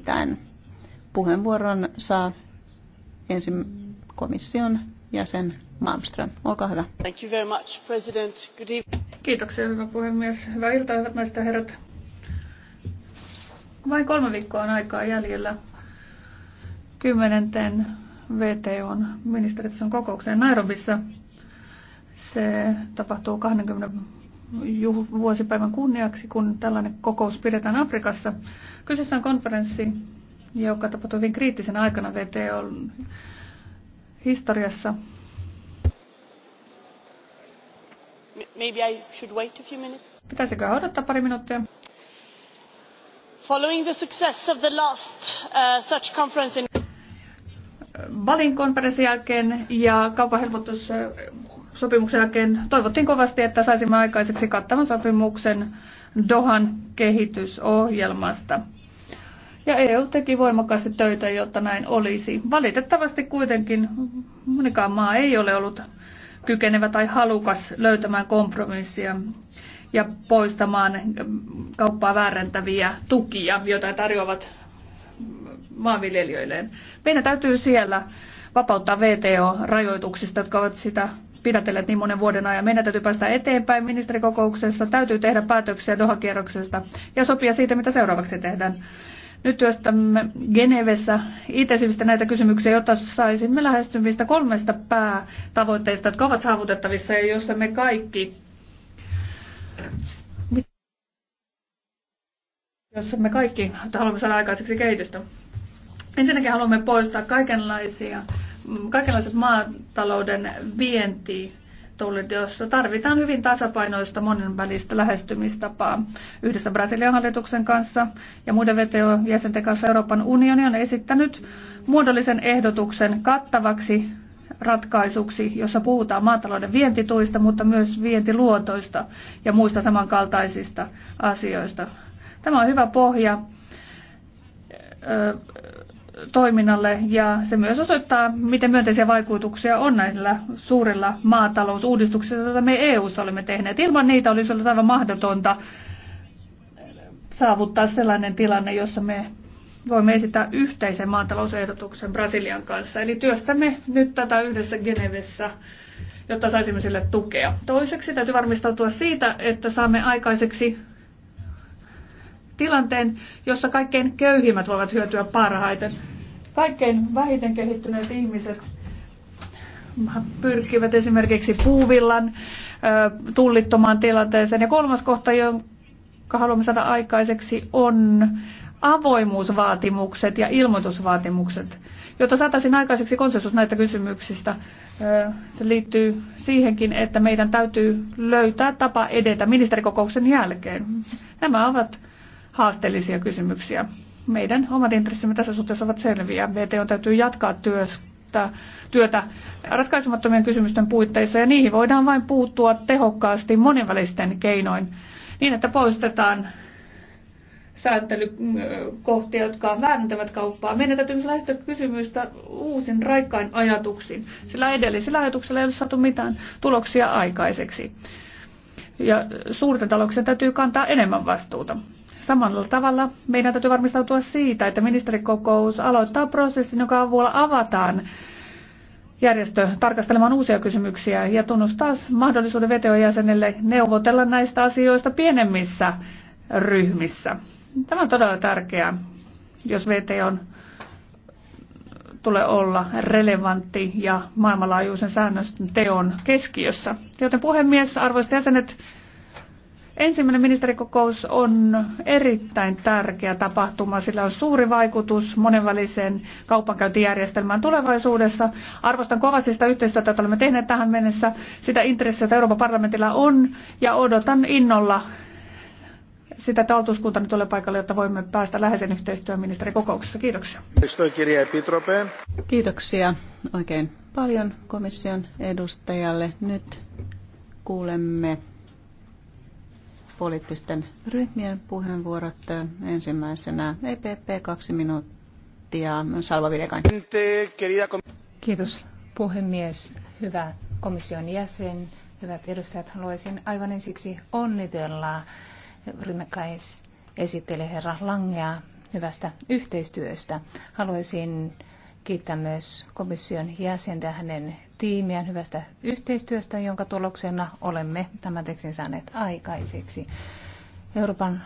pitäen. Puheenvuoron saa ensin komission jäsen Malmström. Olkaa hyvä. Thank you very much, President. Good evening. Kiitoksia, hyvä puhemies. Hyvää iltaa, hyvät naiset ja herrat. Vain kolme viikkoa on aikaa jäljellä kymmenenten VTOn ministeritason kokoukseen Nairobissa. Se tapahtuu 20 vuosipäivän kunniaksi, kun tällainen kokous pidetään Afrikassa. Kyseessä on konferenssi, joka tapahtui hyvin kriittisen aikana VTOn historiassa. Maybe I should wait a few minutes. Pitäisikö odottaa pari minuuttia? Following the success of the last uh, such conference in Balin konferenssin jälkeen ja kaupan sopimuksen jälkeen toivottiin kovasti, että saisimme aikaiseksi kattavan sopimuksen Dohan kehitysohjelmasta. Ja EU teki voimakkaasti töitä, jotta näin olisi. Valitettavasti kuitenkin monikaan maa ei ole ollut kykenevä tai halukas löytämään kompromissia ja poistamaan kauppaa väärentäviä tukia, joita tarjoavat maanviljelijöilleen. Meidän täytyy siellä vapauttaa VTO-rajoituksista, jotka ovat sitä pidätelleet niin monen vuoden ajan. Meidän täytyy päästä eteenpäin ministerikokouksessa, täytyy tehdä päätöksiä Doha-kierroksesta ja sopia siitä, mitä seuraavaksi tehdään. Nyt työstämme Genevessä itse näitä kysymyksiä, jotta saisimme lähestymistä kolmesta päätavoitteista, jotka ovat saavutettavissa ja jossa me kaikki jossa me kaikki haluamme saada aikaiseksi kehitystä. Ensinnäkin haluamme poistaa kaikenlaisia kaikenlaiset maatalouden vienti jossa tarvitaan hyvin tasapainoista monenvälistä lähestymistapaa. Yhdessä Brasilian hallituksen kanssa ja muiden VTO-jäsenten kanssa Euroopan unioni on esittänyt muodollisen ehdotuksen kattavaksi ratkaisuksi, jossa puhutaan maatalouden vientituista, mutta myös vientiluotoista ja muista samankaltaisista asioista. Tämä on hyvä pohja toiminnalle ja se myös osoittaa, miten myönteisiä vaikutuksia on näillä suurilla maatalousuudistuksilla, joita me EU-ssa olemme tehneet. Ilman niitä olisi ollut aivan mahdotonta saavuttaa sellainen tilanne, jossa me voimme esittää yhteisen maatalousehdotuksen Brasilian kanssa. Eli työstämme nyt tätä yhdessä Genevessä, jotta saisimme sille tukea. Toiseksi täytyy varmistautua siitä, että saamme aikaiseksi tilanteen, jossa kaikkein köyhimmät voivat hyötyä parhaiten. Kaikkein vähiten kehittyneet ihmiset pyrkivät esimerkiksi puuvillan tullittomaan tilanteeseen. Ja kolmas kohta, jonka haluamme saada aikaiseksi, on avoimuusvaatimukset ja ilmoitusvaatimukset, jotta saataisiin aikaiseksi konsensus näitä kysymyksistä. Se liittyy siihenkin, että meidän täytyy löytää tapa edetä ministerikokouksen jälkeen. Nämä ovat haasteellisia kysymyksiä. Meidän omat intressimme tässä suhteessa ovat selviä. on täytyy jatkaa työstä, työtä ratkaisemattomien kysymysten puitteissa ja niihin voidaan vain puuttua tehokkaasti monenvälisten keinoin niin, että poistetaan sääntelykohtia, jotka väärentävät kauppaa. Meidän täytyy myös lähestyä kysymystä uusin raikkain ajatuksiin, sillä edellisillä ajatuksilla ei ole saatu mitään tuloksia aikaiseksi. Ja suurten talouksien täytyy kantaa enemmän vastuuta. Samalla tavalla meidän täytyy varmistautua siitä, että ministerikokous aloittaa prosessin, joka avulla avataan järjestö tarkastelemaan uusia kysymyksiä ja tunnustaa mahdollisuuden VTO-jäsenelle neuvotella näistä asioista pienemmissä ryhmissä. Tämä on todella tärkeää, jos on tulee olla relevantti ja maailmanlaajuisen säännösten teon keskiössä. Joten puhemies, arvoisat jäsenet, Ensimmäinen ministerikokous on erittäin tärkeä tapahtuma. Sillä on suuri vaikutus monenväliseen kaupankäyntijärjestelmään tulevaisuudessa. Arvostan kovasti sitä yhteistyötä, jota olemme tehneet tähän mennessä, sitä intressiä, jota Euroopan parlamentilla on, ja odotan innolla sitä, että valtuuskuntani tulee paikalle, jotta voimme päästä läheisen yhteistyön ministerikokouksessa. Kiitoksia. Kiitoksia oikein paljon komission edustajalle. Nyt kuulemme poliittisten ryhmien puheenvuorot. Ensimmäisenä EPP kaksi minuuttia. Salva Videkain. Kiitos puhemies. Hyvä komission jäsen, hyvät edustajat, haluaisin aivan ensiksi onnitella rinnakkais esitteli herra Langea hyvästä yhteistyöstä. Haluaisin kiittää myös komission jäsentä ja hänen tiimiään hyvästä yhteistyöstä, jonka tuloksena olemme tämän tekstin saaneet aikaiseksi. Euroopan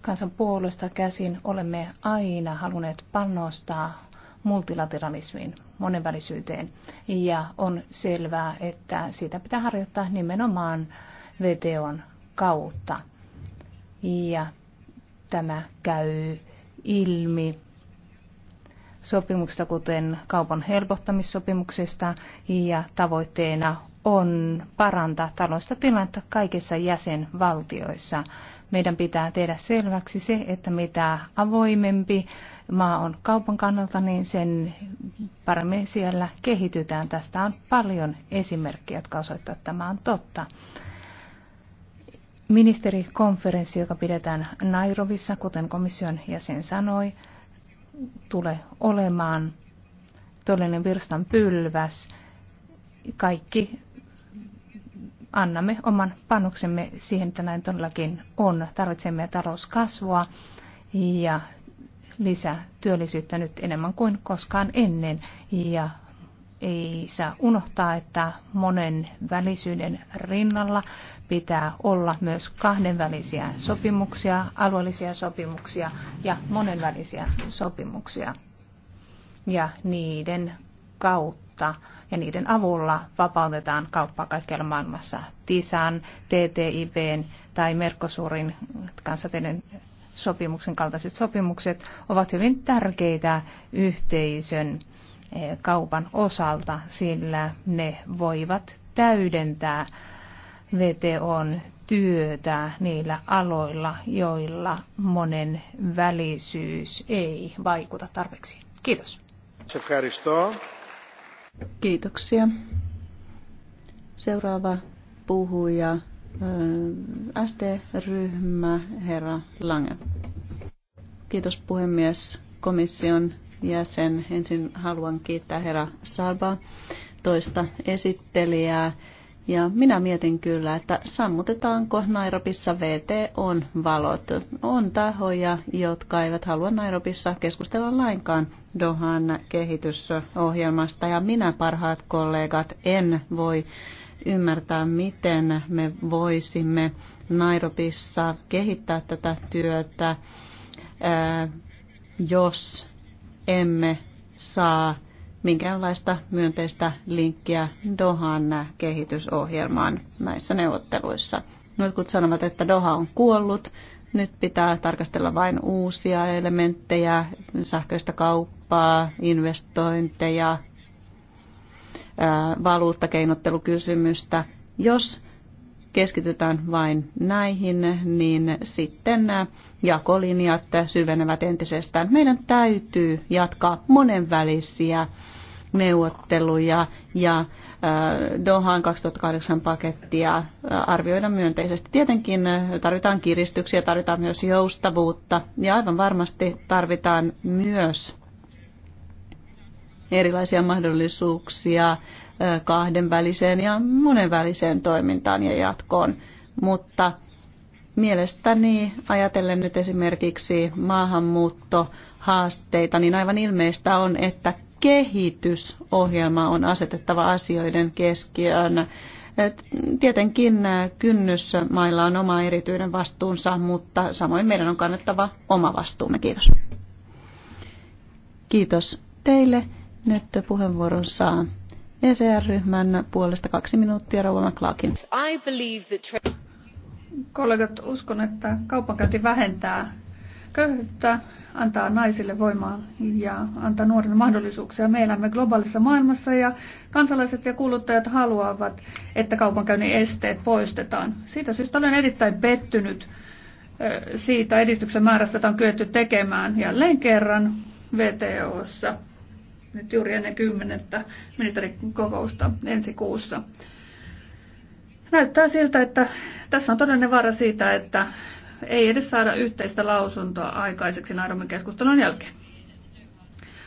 kansan puolesta käsin olemme aina halunneet panostaa multilateralismiin, monenvälisyyteen, ja on selvää, että siitä pitää harjoittaa nimenomaan VTOn kautta. Ja tämä käy ilmi sopimuksista, kuten kaupan helpottamissopimuksesta, ja tavoitteena on parantaa taloudellista tilannetta kaikissa jäsenvaltioissa. Meidän pitää tehdä selväksi se, että mitä avoimempi maa on kaupan kannalta, niin sen paremmin siellä kehitytään. Tästä on paljon esimerkkejä, jotka osoittavat, että tämä on totta ministerikonferenssi, joka pidetään Nairobissa, kuten komission jäsen sanoi, tule olemaan todellinen virstan pylväs. Kaikki annamme oman panoksemme siihen, että näin todellakin on. Tarvitsemme talouskasvua ja lisää työllisyyttä nyt enemmän kuin koskaan ennen ja ei saa unohtaa, että monen välisyyden rinnalla pitää olla myös kahdenvälisiä sopimuksia, alueellisia sopimuksia ja monenvälisiä sopimuksia. Ja niiden kautta ja niiden avulla vapautetaan kauppaa kaikkialla maailmassa. TISAN, TTIPn tai Mercosurin kansainvälinen sopimuksen kaltaiset sopimukset ovat hyvin tärkeitä yhteisön kaupan osalta, sillä ne voivat täydentää VTOn työtä niillä aloilla, joilla monen välisyys ei vaikuta tarpeeksi. Kiitos. Kiitoksia. Seuraava puhuja, SD-ryhmä, herra Lange. Kiitos puhemies komission jäsen. Ensin haluan kiittää herra Salba toista esittelijää. Ja minä mietin kyllä, että sammutetaanko Nairobissa on valot. On tahoja, jotka eivät halua Nairobissa keskustella lainkaan Dohan kehitysohjelmasta. Ja minä, parhaat kollegat, en voi ymmärtää, miten me voisimme Nairobissa kehittää tätä työtä, jos emme saa minkäänlaista myönteistä linkkiä Dohan kehitysohjelmaan näissä neuvotteluissa. kun sanovat, että Doha on kuollut, nyt pitää tarkastella vain uusia elementtejä, sähköistä kauppaa, investointeja, valuuttakeinottelukysymystä. Jos keskitytään vain näihin, niin sitten nämä jakolinjat syvenevät entisestään. Meidän täytyy jatkaa monenvälisiä neuvotteluja ja äh, Dohaan 2008 pakettia äh, arvioida myönteisesti. Tietenkin äh, tarvitaan kiristyksiä, tarvitaan myös joustavuutta ja aivan varmasti tarvitaan myös erilaisia mahdollisuuksia kahdenväliseen ja monenväliseen toimintaan ja jatkoon. Mutta mielestäni ajatellen nyt esimerkiksi maahanmuuttohaasteita, niin aivan ilmeistä on, että kehitysohjelma on asetettava asioiden keskiöön. Tietenkin kynnys mailla on oma erityinen vastuunsa, mutta samoin meidän on kannettava oma vastuumme. Kiitos. Kiitos teille. Nyt puheenvuoron saa ECR-ryhmän puolesta kaksi minuuttia Rova McLaughlin. Kollegat, uskon, että kaupankäynti vähentää köyhyyttä, antaa naisille voimaa ja antaa nuorille mahdollisuuksia. Me elämme globaalissa maailmassa ja kansalaiset ja kuluttajat haluavat, että kaupankäynnin esteet poistetaan. Siitä syystä olen erittäin pettynyt siitä edistyksen määrästä, jota on kyetty tekemään jälleen kerran VTOssa nyt juuri ennen kymmenettä ministerikokousta ensi kuussa. Näyttää siltä, että tässä on todellinen vaara siitä, että ei edes saada yhteistä lausuntoa aikaiseksi Nairobin keskustelun jälkeen.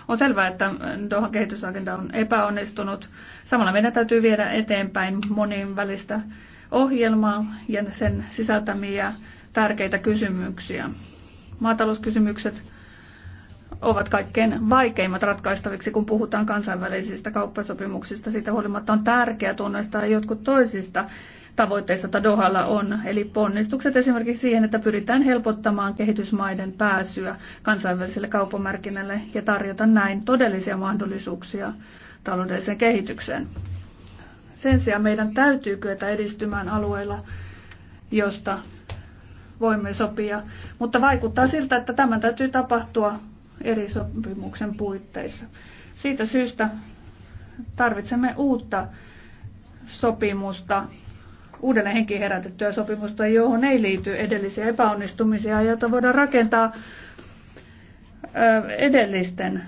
On selvää, että Dohan kehitysagenda on epäonnistunut. Samalla meidän täytyy viedä eteenpäin monivälistä ohjelmaa ja sen sisältämiä tärkeitä kysymyksiä. Maatalouskysymykset, ovat kaikkein vaikeimmat ratkaistaviksi, kun puhutaan kansainvälisistä kauppasopimuksista. Siitä huolimatta on tärkeää tunnistaa jotkut toisista tavoitteista, joita Dohalla on, eli ponnistukset esimerkiksi siihen, että pyritään helpottamaan kehitysmaiden pääsyä kansainväliselle kaupamarkkinalle ja tarjota näin todellisia mahdollisuuksia taloudelliseen kehitykseen. Sen sijaan meidän täytyy kyetä edistymään alueilla, josta voimme sopia, mutta vaikuttaa siltä, että tämän täytyy tapahtua eri sopimuksen puitteissa. Siitä syystä tarvitsemme uutta sopimusta, uudelle henki herätettyä sopimusta, johon ei liity edellisiä epäonnistumisia, joita voidaan rakentaa edellisten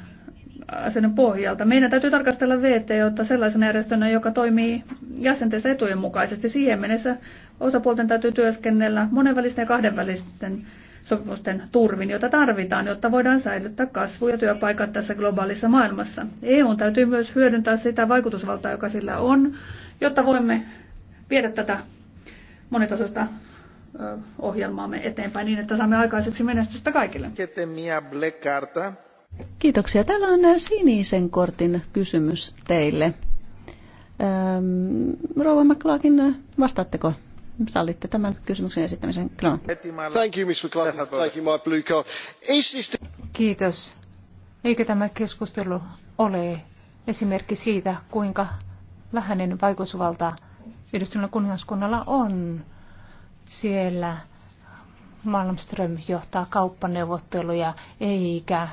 asioiden pohjalta. Meidän täytyy tarkastella VTOta sellaisena järjestönä, joka toimii jäsentensä etujen mukaisesti. Siihen mennessä osapuolten täytyy työskennellä monenvälisten ja kahdenvälisten sopimusten turvin, jota tarvitaan, jotta voidaan säilyttää kasvu ja työpaikat tässä globaalissa maailmassa. EU täytyy myös hyödyntää sitä vaikutusvaltaa, joka sillä on, jotta voimme viedä tätä monitasoista ohjelmaamme eteenpäin niin, että saamme aikaiseksi menestystä kaikille. Kiitoksia. Täällä on sinisen kortin kysymys teille. Rouva McLaughlin, vastaatteko sallitte tämän kysymyksen esittämisen. Kiitos. Eikö tämä keskustelu ole esimerkki siitä, kuinka vähäinen vaikutusvalta yhdistyneellä kuningaskunnalla on siellä Malmström johtaa kauppaneuvotteluja, eikä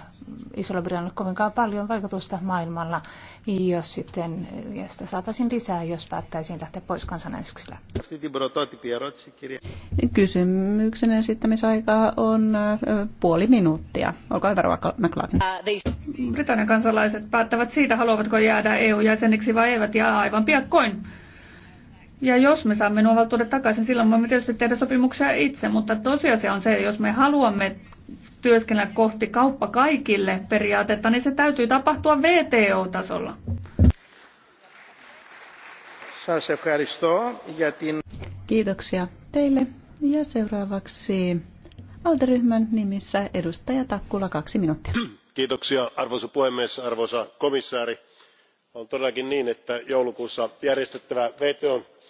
isolla ole kovinkaan paljon vaikutusta maailmalla, jos sitten, josta sitä saataisiin lisää, jos päättäisiin lähteä pois kansanäänestyksellä. Kysymyksen esittämisaika on puoli minuuttia. Olkaa hyvä, Rova McLaughlin. Uh, Britannian kansalaiset päättävät siitä, haluavatko jäädä EU-jäseniksi vai eivät, ja aivan piakkoin ja jos me saamme nuo valtuudet takaisin, silloin voimme tietysti tehdä sopimuksia itse, mutta tosiasia on se, että jos me haluamme työskennellä kohti kauppa kaikille periaatetta, niin se täytyy tapahtua VTO-tasolla. Kiitoksia teille. Ja seuraavaksi Alderyhmän nimissä edustaja Takkula, kaksi minuuttia. Kiitoksia arvoisa puhemies, arvoisa komissaari. On todellakin niin, että joulukuussa järjestettävä VTOn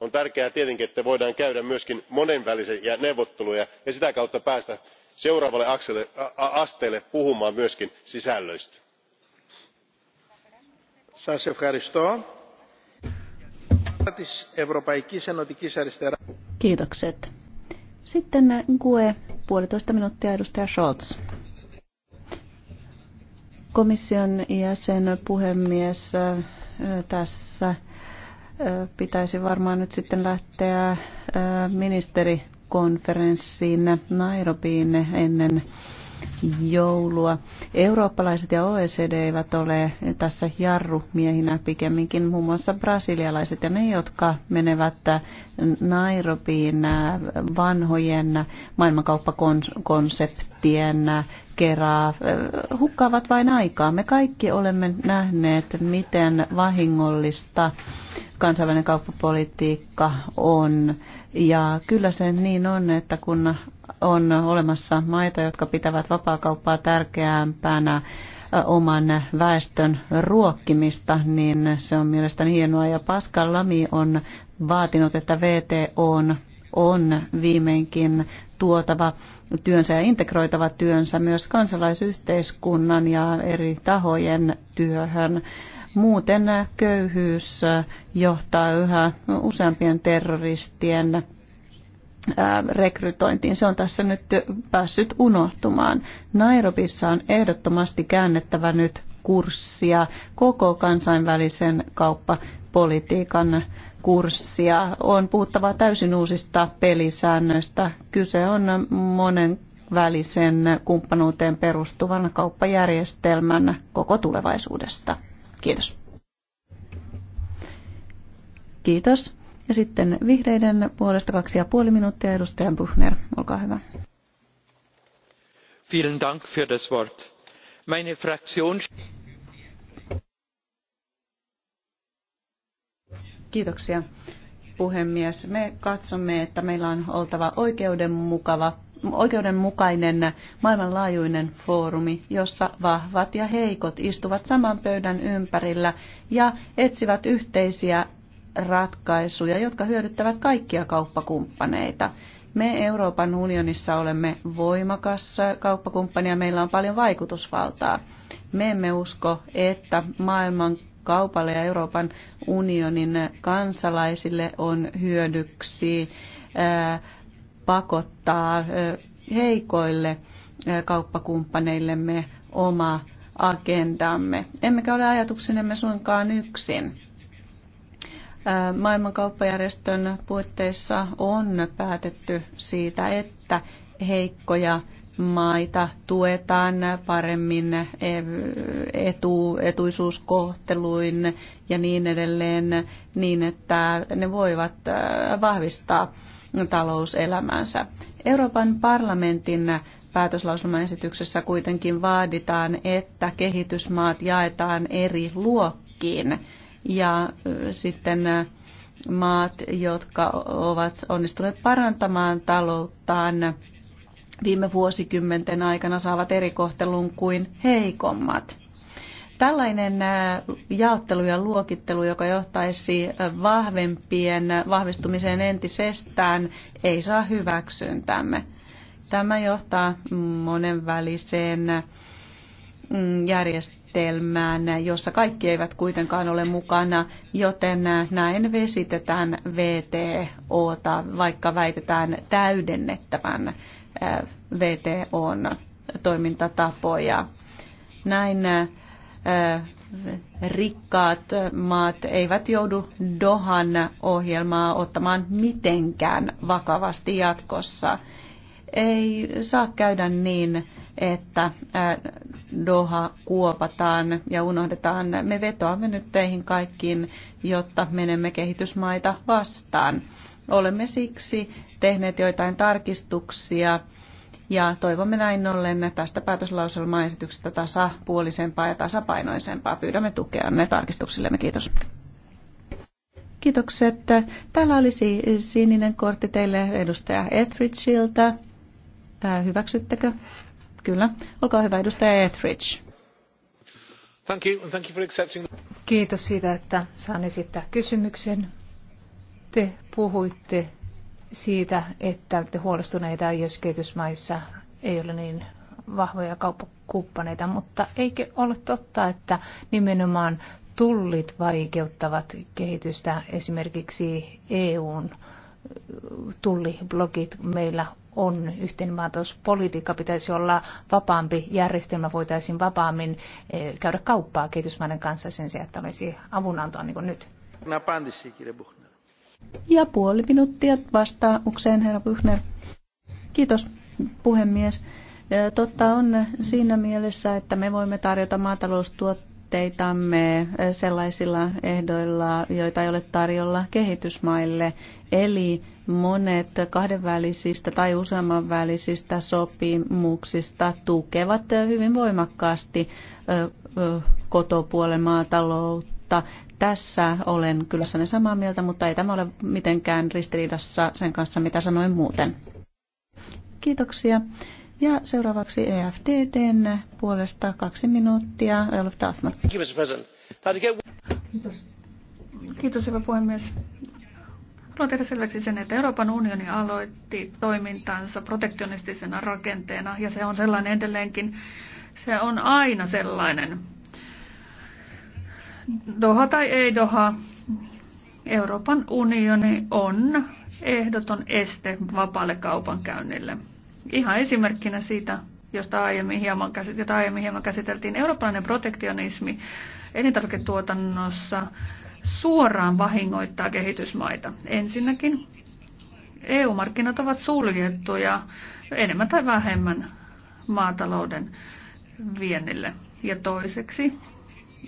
on tärkeää tietenkin että voidaan käydä myös monenvälisiä neuvotteluja ja sitä kautta päästä seuraavalle asteelle puhumaan myös sisällöistä. Sitten äh, Komission jäsen puhemies äh, tässä pitäisi varmaan nyt sitten lähteä ministerikonferenssiin Nairobiin ennen joulua. Eurooppalaiset ja OECD eivät ole tässä jarrumiehinä pikemminkin muun muassa brasilialaiset ja ne, jotka menevät Nairobiin vanhojen maailmankauppakonseptien kerää, hukkaavat vain aikaa. Me kaikki olemme nähneet, miten vahingollista kansainvälinen kauppapolitiikka on. Ja kyllä se niin on, että kun on olemassa maita, jotka pitävät vapaakauppaa tärkeämpänä oman väestön ruokkimista, niin se on mielestäni hienoa. Ja Pascal Lamy on vaatinut, että VTO on on viimeinkin tuotava työnsä ja integroitava työnsä myös kansalaisyhteiskunnan ja eri tahojen työhön. Muuten köyhyys johtaa yhä useampien terroristien rekrytointiin. Se on tässä nyt päässyt unohtumaan. Nairobissa on ehdottomasti käännettävä nyt kurssia koko kansainvälisen kauppapolitiikan kurssia. On puhuttava täysin uusista pelisäännöistä. Kyse on monen välisen kumppanuuteen perustuvan kauppajärjestelmän koko tulevaisuudesta. Kiitos. Kiitos. Ja sitten vihreiden puolesta kaksi ja puoli minuuttia edustaja Buchner, olkaa hyvä. Vielen Dank für das Wort. Meine Fraktion... Kiitoksia puhemies. Me katsomme, että meillä on oltava oikeudenmukava, oikeudenmukainen maailmanlaajuinen foorumi, jossa vahvat ja heikot istuvat saman pöydän ympärillä ja etsivät yhteisiä ratkaisuja, jotka hyödyttävät kaikkia kauppakumppaneita. Me Euroopan unionissa olemme voimakas kauppakumppani ja meillä on paljon vaikutusvaltaa. Me emme usko, että maailman kaupalle ja Euroopan unionin kansalaisille on hyödyksi äh, pakottaa äh, heikoille äh, kauppakumppaneillemme oma agendamme. Emmekä ole ajatuksenemme suinkaan yksin. Maailmankauppajärjestön puitteissa on päätetty siitä, että heikkoja maita tuetaan paremmin etu, etuisuuskohteluin ja niin edelleen, niin että ne voivat äh, vahvistaa talouselämänsä. Euroopan parlamentin päätöslauselmaesityksessä kuitenkin vaaditaan, että kehitysmaat jaetaan eri luokkiin ja äh, sitten äh, maat, jotka ovat onnistuneet parantamaan talouttaan, viime vuosikymmenten aikana saavat eri kohtelun kuin heikommat. Tällainen äh, jaottelu ja luokittelu, joka johtaisi äh, vahvempien äh, vahvistumiseen entisestään, ei saa hyväksyntämme. Tämä johtaa monenväliseen mm, järjestelmään, jossa kaikki eivät kuitenkaan ole mukana, joten näin vesitetään VTOta, vaikka väitetään täydennettävän Äh, VTOn toimintatapoja. Näin äh, rikkaat maat eivät joudu Dohan ohjelmaa ottamaan mitenkään vakavasti jatkossa. Ei saa käydä niin, että äh, Doha kuopataan ja unohdetaan. Me vetoamme nyt teihin kaikkiin, jotta menemme kehitysmaita vastaan. Olemme siksi tehneet joitain tarkistuksia ja toivomme näin ollen tästä päätöslauselmaesityksestä tasapuolisempaa ja tasapainoisempaa. Pyydämme ne tarkistuksillemme. Kiitos. Kiitokset. Täällä olisi sininen kortti teille edustaja Etheridgeiltä. Äh, hyväksyttekö? Kyllä. Olkaa hyvä, edustaja Etheridge. Thank you, thank you for accepting... Kiitos siitä, että saan esittää kysymyksen. Te puhuitte siitä, että olette huolestuneita, jos kehitysmaissa ei ole niin vahvoja kauppakumppaneita, mutta eikö ole totta, että nimenomaan tullit vaikeuttavat kehitystä esimerkiksi EUn tulliblogit meillä on yhteinen pitäisi olla vapaampi järjestelmä, voitaisiin vapaammin käydä kauppaa kehitysmaiden kanssa sen sijaan, että olisi avunantoa niin kuin nyt. Ja puoli minuuttia ukseen herra Pyhner. Kiitos, puhemies. Totta on siinä mielessä, että me voimme tarjota maataloustuotteitamme sellaisilla ehdoilla, joita ei ole tarjolla kehitysmaille. Eli monet kahdenvälisistä tai useammanvälisistä sopimuksista tukevat hyvin voimakkaasti kotopuolen maataloutta tässä olen kyllä sanen samaa mieltä, mutta ei tämä ole mitenkään ristiriidassa sen kanssa, mitä sanoin muuten. Kiitoksia. Ja seuraavaksi EFDDn puolesta kaksi minuuttia, Olaf Dathman. Kiitos. Kiitos, hyvä puhemies. Haluan tehdä selväksi sen, että Euroopan unioni aloitti toimintansa protektionistisena rakenteena, ja se on sellainen edelleenkin. Se on aina sellainen. Doha tai ei Doha, Euroopan unioni on ehdoton este vapaalle kaupankäynnille. Ihan esimerkkinä siitä, josta aiemmin hieman, jota aiemmin hieman käsiteltiin, eurooppalainen protektionismi elintarviketuotannossa suoraan vahingoittaa kehitysmaita. Ensinnäkin EU-markkinat ovat suljettuja enemmän tai vähemmän maatalouden viennille. Ja toiseksi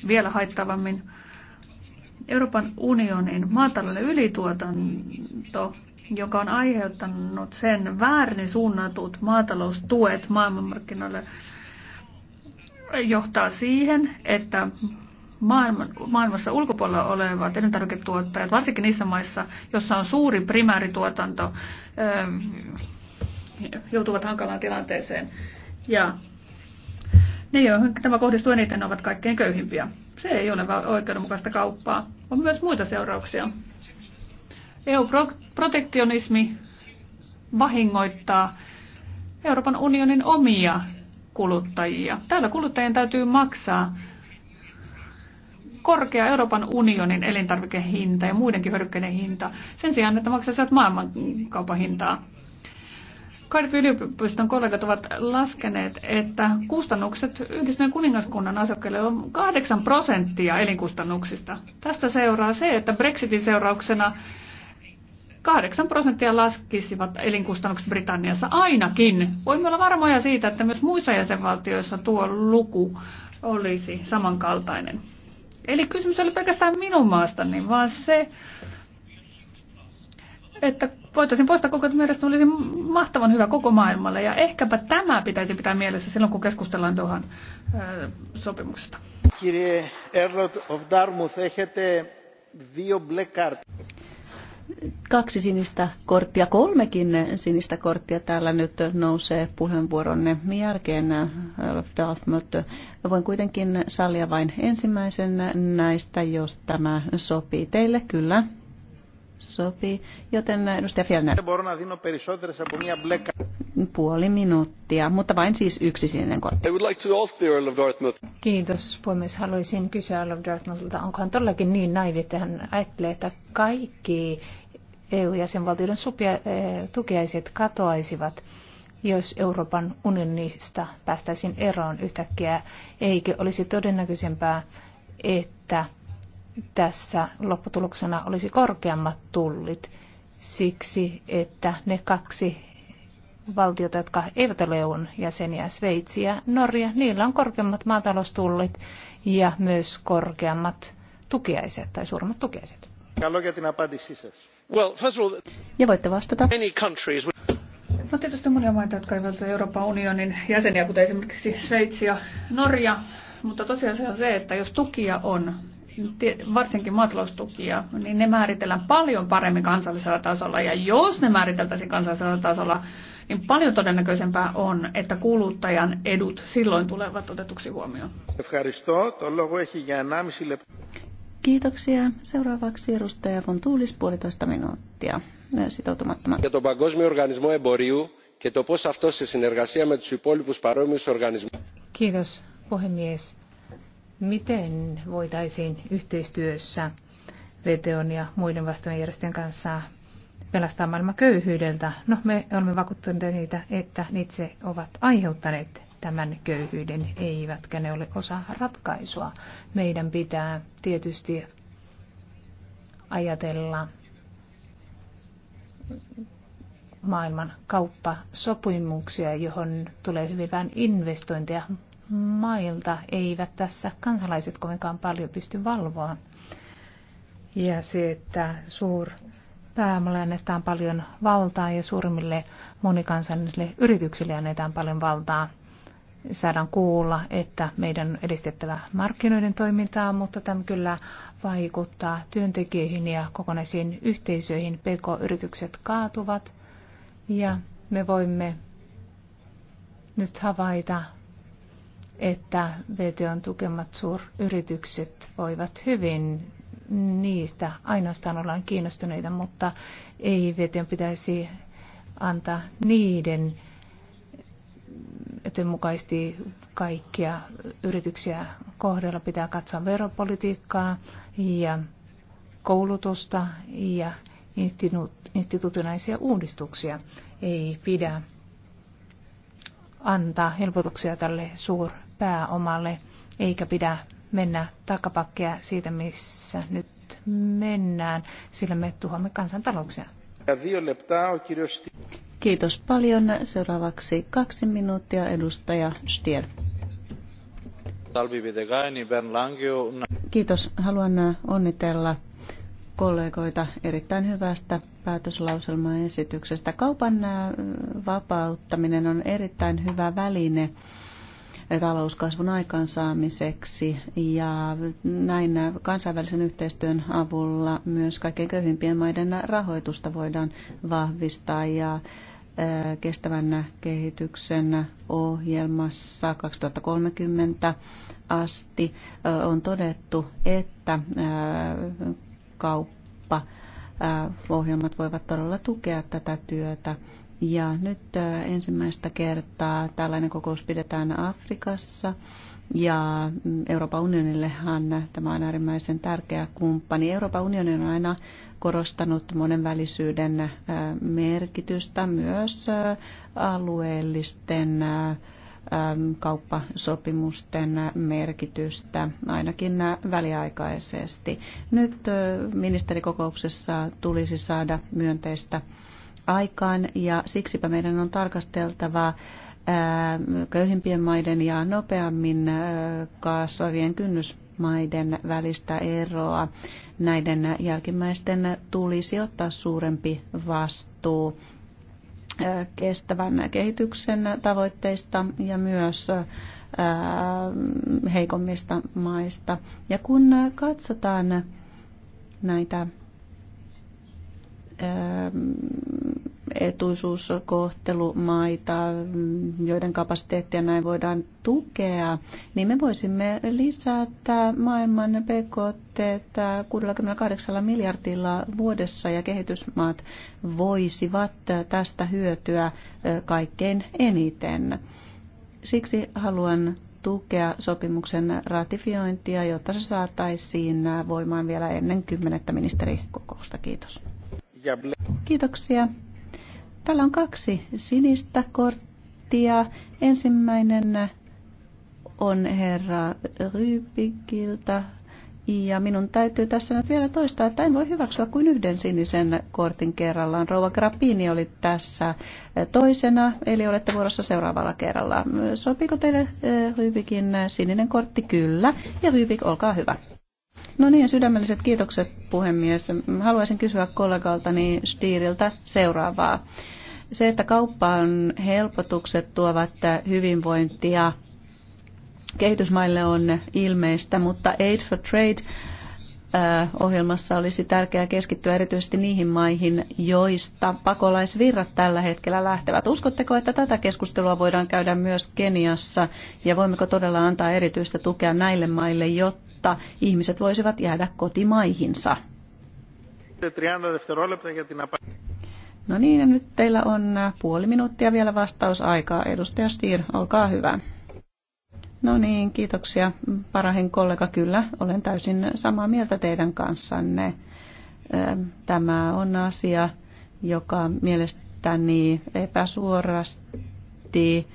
vielä haittavammin. Euroopan unionin maatalouden ylituotanto, joka on aiheuttanut sen väärin suunnatut maataloustuet maailmanmarkkinoille, johtaa siihen, että maailmassa ulkopuolella olevat elintarviketuottajat, varsinkin niissä maissa, joissa on suuri primäärituotanto, joutuvat hankalaan tilanteeseen. Ja ne, niin joihin tämä kohdistuu eniten, ovat kaikkein köyhimpiä. Se ei ole oikeudenmukaista kauppaa. On myös muita seurauksia. EU-protektionismi vahingoittaa Euroopan unionin omia kuluttajia. Täällä kuluttajien täytyy maksaa korkea Euroopan unionin elintarvikehinta ja muidenkin hyödykkeiden hinta sen sijaan, että maksaisivat maailmankaupan hintaa. Cardiffin yliopiston kollegat ovat laskeneet, että kustannukset yhdistyneen kuningaskunnan asukkaille on 8 prosenttia elinkustannuksista. Tästä seuraa se, että Brexitin seurauksena 8 prosenttia laskisivat elinkustannukset Britanniassa ainakin. Voimme olla varmoja siitä, että myös muissa jäsenvaltioissa tuo luku olisi samankaltainen. Eli kysymys ei ole pelkästään minun maastani, vaan se, että voitaisiin poistaa koko mielestäni olisi mahtavan hyvä koko maailmalle. Ja ehkäpä tämä pitäisi pitää mielessä silloin, kun keskustellaan Dohan sopimuksesta. Kirje Erlot of Dartmouth, Vio Blackard. Kaksi sinistä korttia, kolmekin sinistä korttia täällä nyt nousee puheenvuoronne jälkeen, Rolf Dalfmut. Voin kuitenkin sallia vain ensimmäisen näistä, jos tämä sopii teille. Kyllä, sopii. Joten äh, edustaja Fjellner. Puoli minuuttia, mutta vain siis yksi sininen kortti. Kiitos puhemies. Haluaisin kysyä Earl of Dartmouthilta, onko hän todellakin niin naivi, että hän ajattelee, että kaikki EU-jäsenvaltioiden e- tukiaiset katoaisivat jos Euroopan unionista päästäisiin eroon yhtäkkiä, eikö olisi todennäköisempää, että tässä lopputuloksena olisi korkeammat tullit siksi, että ne kaksi valtiota, jotka eivät ole EUn jäseniä, Sveitsi ja Norja, niillä on korkeammat maataloustullit ja myös korkeammat tukiaiset tai suuremmat tukiaiset. Ja voitte vastata. No tietysti monia maita, jotka eivät ole Euroopan unionin jäseniä, kuten esimerkiksi Sveitsi ja Norja, mutta se on se, että jos tukia on varsinkin maataloustukia, niin ne määritellään paljon paremmin kansallisella tasolla. Ja jos ne määriteltäisiin kansallisella tasolla, niin paljon todennäköisempää on, että kuluttajan edut silloin tulevat otetuksi huomioon. Kiitoksia. Seuraavaksi edustaja von Tuulis puolitoista minuuttia Kiitos, puhemies Miten voitaisiin yhteistyössä VTOn ja muiden vastaavien järjestöjen kanssa pelastaa maailma köyhyydeltä? No, me olemme vakuuttuneita niitä, että itse ovat aiheuttaneet tämän köyhyyden, eivätkä ne ole osa ratkaisua. Meidän pitää tietysti ajatella maailman kauppasopimuksia, johon tulee hyvin vähän investointeja mailta eivät tässä kansalaiset kovinkaan paljon pysty valvoa. Ja se, että suur annetaan paljon valtaa ja suurimmille monikansallisille yrityksille annetaan paljon valtaa. Saadaan kuulla, että meidän on edistettävä markkinoiden toimintaa, mutta tämä kyllä vaikuttaa työntekijöihin ja kokonaisiin yhteisöihin. PK-yritykset kaatuvat ja me voimme nyt havaita että VTOn tukemat suuryritykset voivat hyvin niistä ainoastaan ollaan kiinnostuneita, mutta ei VTOn pitäisi antaa niiden mukaisesti kaikkia yrityksiä kohdella. Pitää katsoa veropolitiikkaa ja koulutusta ja institutionaisia uudistuksia. Ei pidä antaa helpotuksia tälle suurpääomalle, eikä pidä mennä takapakkeja siitä, missä nyt mennään, sillä me tuhoamme kansantalouksia. Kiitos paljon. Seuraavaksi kaksi minuuttia edustaja Stier. Kiitos. Haluan onnitella kollegoita erittäin hyvästä päätöslauselmaesityksestä. Kaupan vapauttaminen on erittäin hyvä väline talouskasvun aikaansaamiseksi ja näin kansainvälisen yhteistyön avulla myös kaikkein köyhimpien maiden rahoitusta voidaan vahvistaa ja kestävän kehityksen ohjelmassa 2030 asti on todettu, että kauppa ohjelmat voivat todella tukea tätä työtä. Ja nyt ensimmäistä kertaa tällainen kokous pidetään Afrikassa. Ja mm, Euroopan unionillehan tämä on äärimmäisen tärkeä kumppani. Euroopan unioni on aina korostanut monenvälisyyden merkitystä myös alueellisten Ähm, kauppasopimusten merkitystä, ainakin väliaikaisesti. Nyt äh, ministerikokouksessa tulisi saada myönteistä aikaan ja siksipä meidän on tarkasteltava äh, köyhimpien maiden ja nopeammin äh, kasvavien kynnysmaiden välistä eroa. Näiden jälkimmäisten tulisi ottaa suurempi vastuu kestävän kehityksen tavoitteista ja myös heikommista maista. Ja kun katsotaan näitä etuisuuskohtelumaita, joiden kapasiteettia näin voidaan tukea, niin me voisimme lisätä maailman PKT 68 miljardilla vuodessa ja kehitysmaat voisivat tästä hyötyä kaikkein eniten. Siksi haluan tukea sopimuksen ratifiointia, jotta se saataisiin voimaan vielä ennen kymmenettä ministerikokousta. Kiitos. Kiitoksia. Täällä on kaksi sinistä korttia. Ensimmäinen on herra Rybikiltä. Ja minun täytyy tässä nyt vielä toistaa, että en voi hyväksyä kuin yhden sinisen kortin kerrallaan. Rouva Grappini oli tässä toisena, eli olette vuorossa seuraavalla kerralla. Sopiiko teille eh, Rybikin sininen kortti? Kyllä. Ja Rybik, olkaa hyvä. No niin, sydämelliset kiitokset puhemies. Haluaisin kysyä kollegaltani Stiiriltä seuraavaa. Se, että kauppaan helpotukset tuovat hyvinvointia kehitysmaille on ilmeistä, mutta Aid for Trade äh, ohjelmassa olisi tärkeää keskittyä erityisesti niihin maihin, joista pakolaisvirrat tällä hetkellä lähtevät. Uskotteko, että tätä keskustelua voidaan käydä myös Keniassa ja voimmeko todella antaa erityistä tukea näille maille, jotta jotta ihmiset voisivat jäädä kotimaihinsa. No niin, ja nyt teillä on puoli minuuttia vielä vastausaikaa. Edustaja Stier, olkaa hyvä. No niin, kiitoksia parahin kollega. Kyllä, olen täysin samaa mieltä teidän kanssanne. Tämä on asia, joka mielestäni epäsuorasti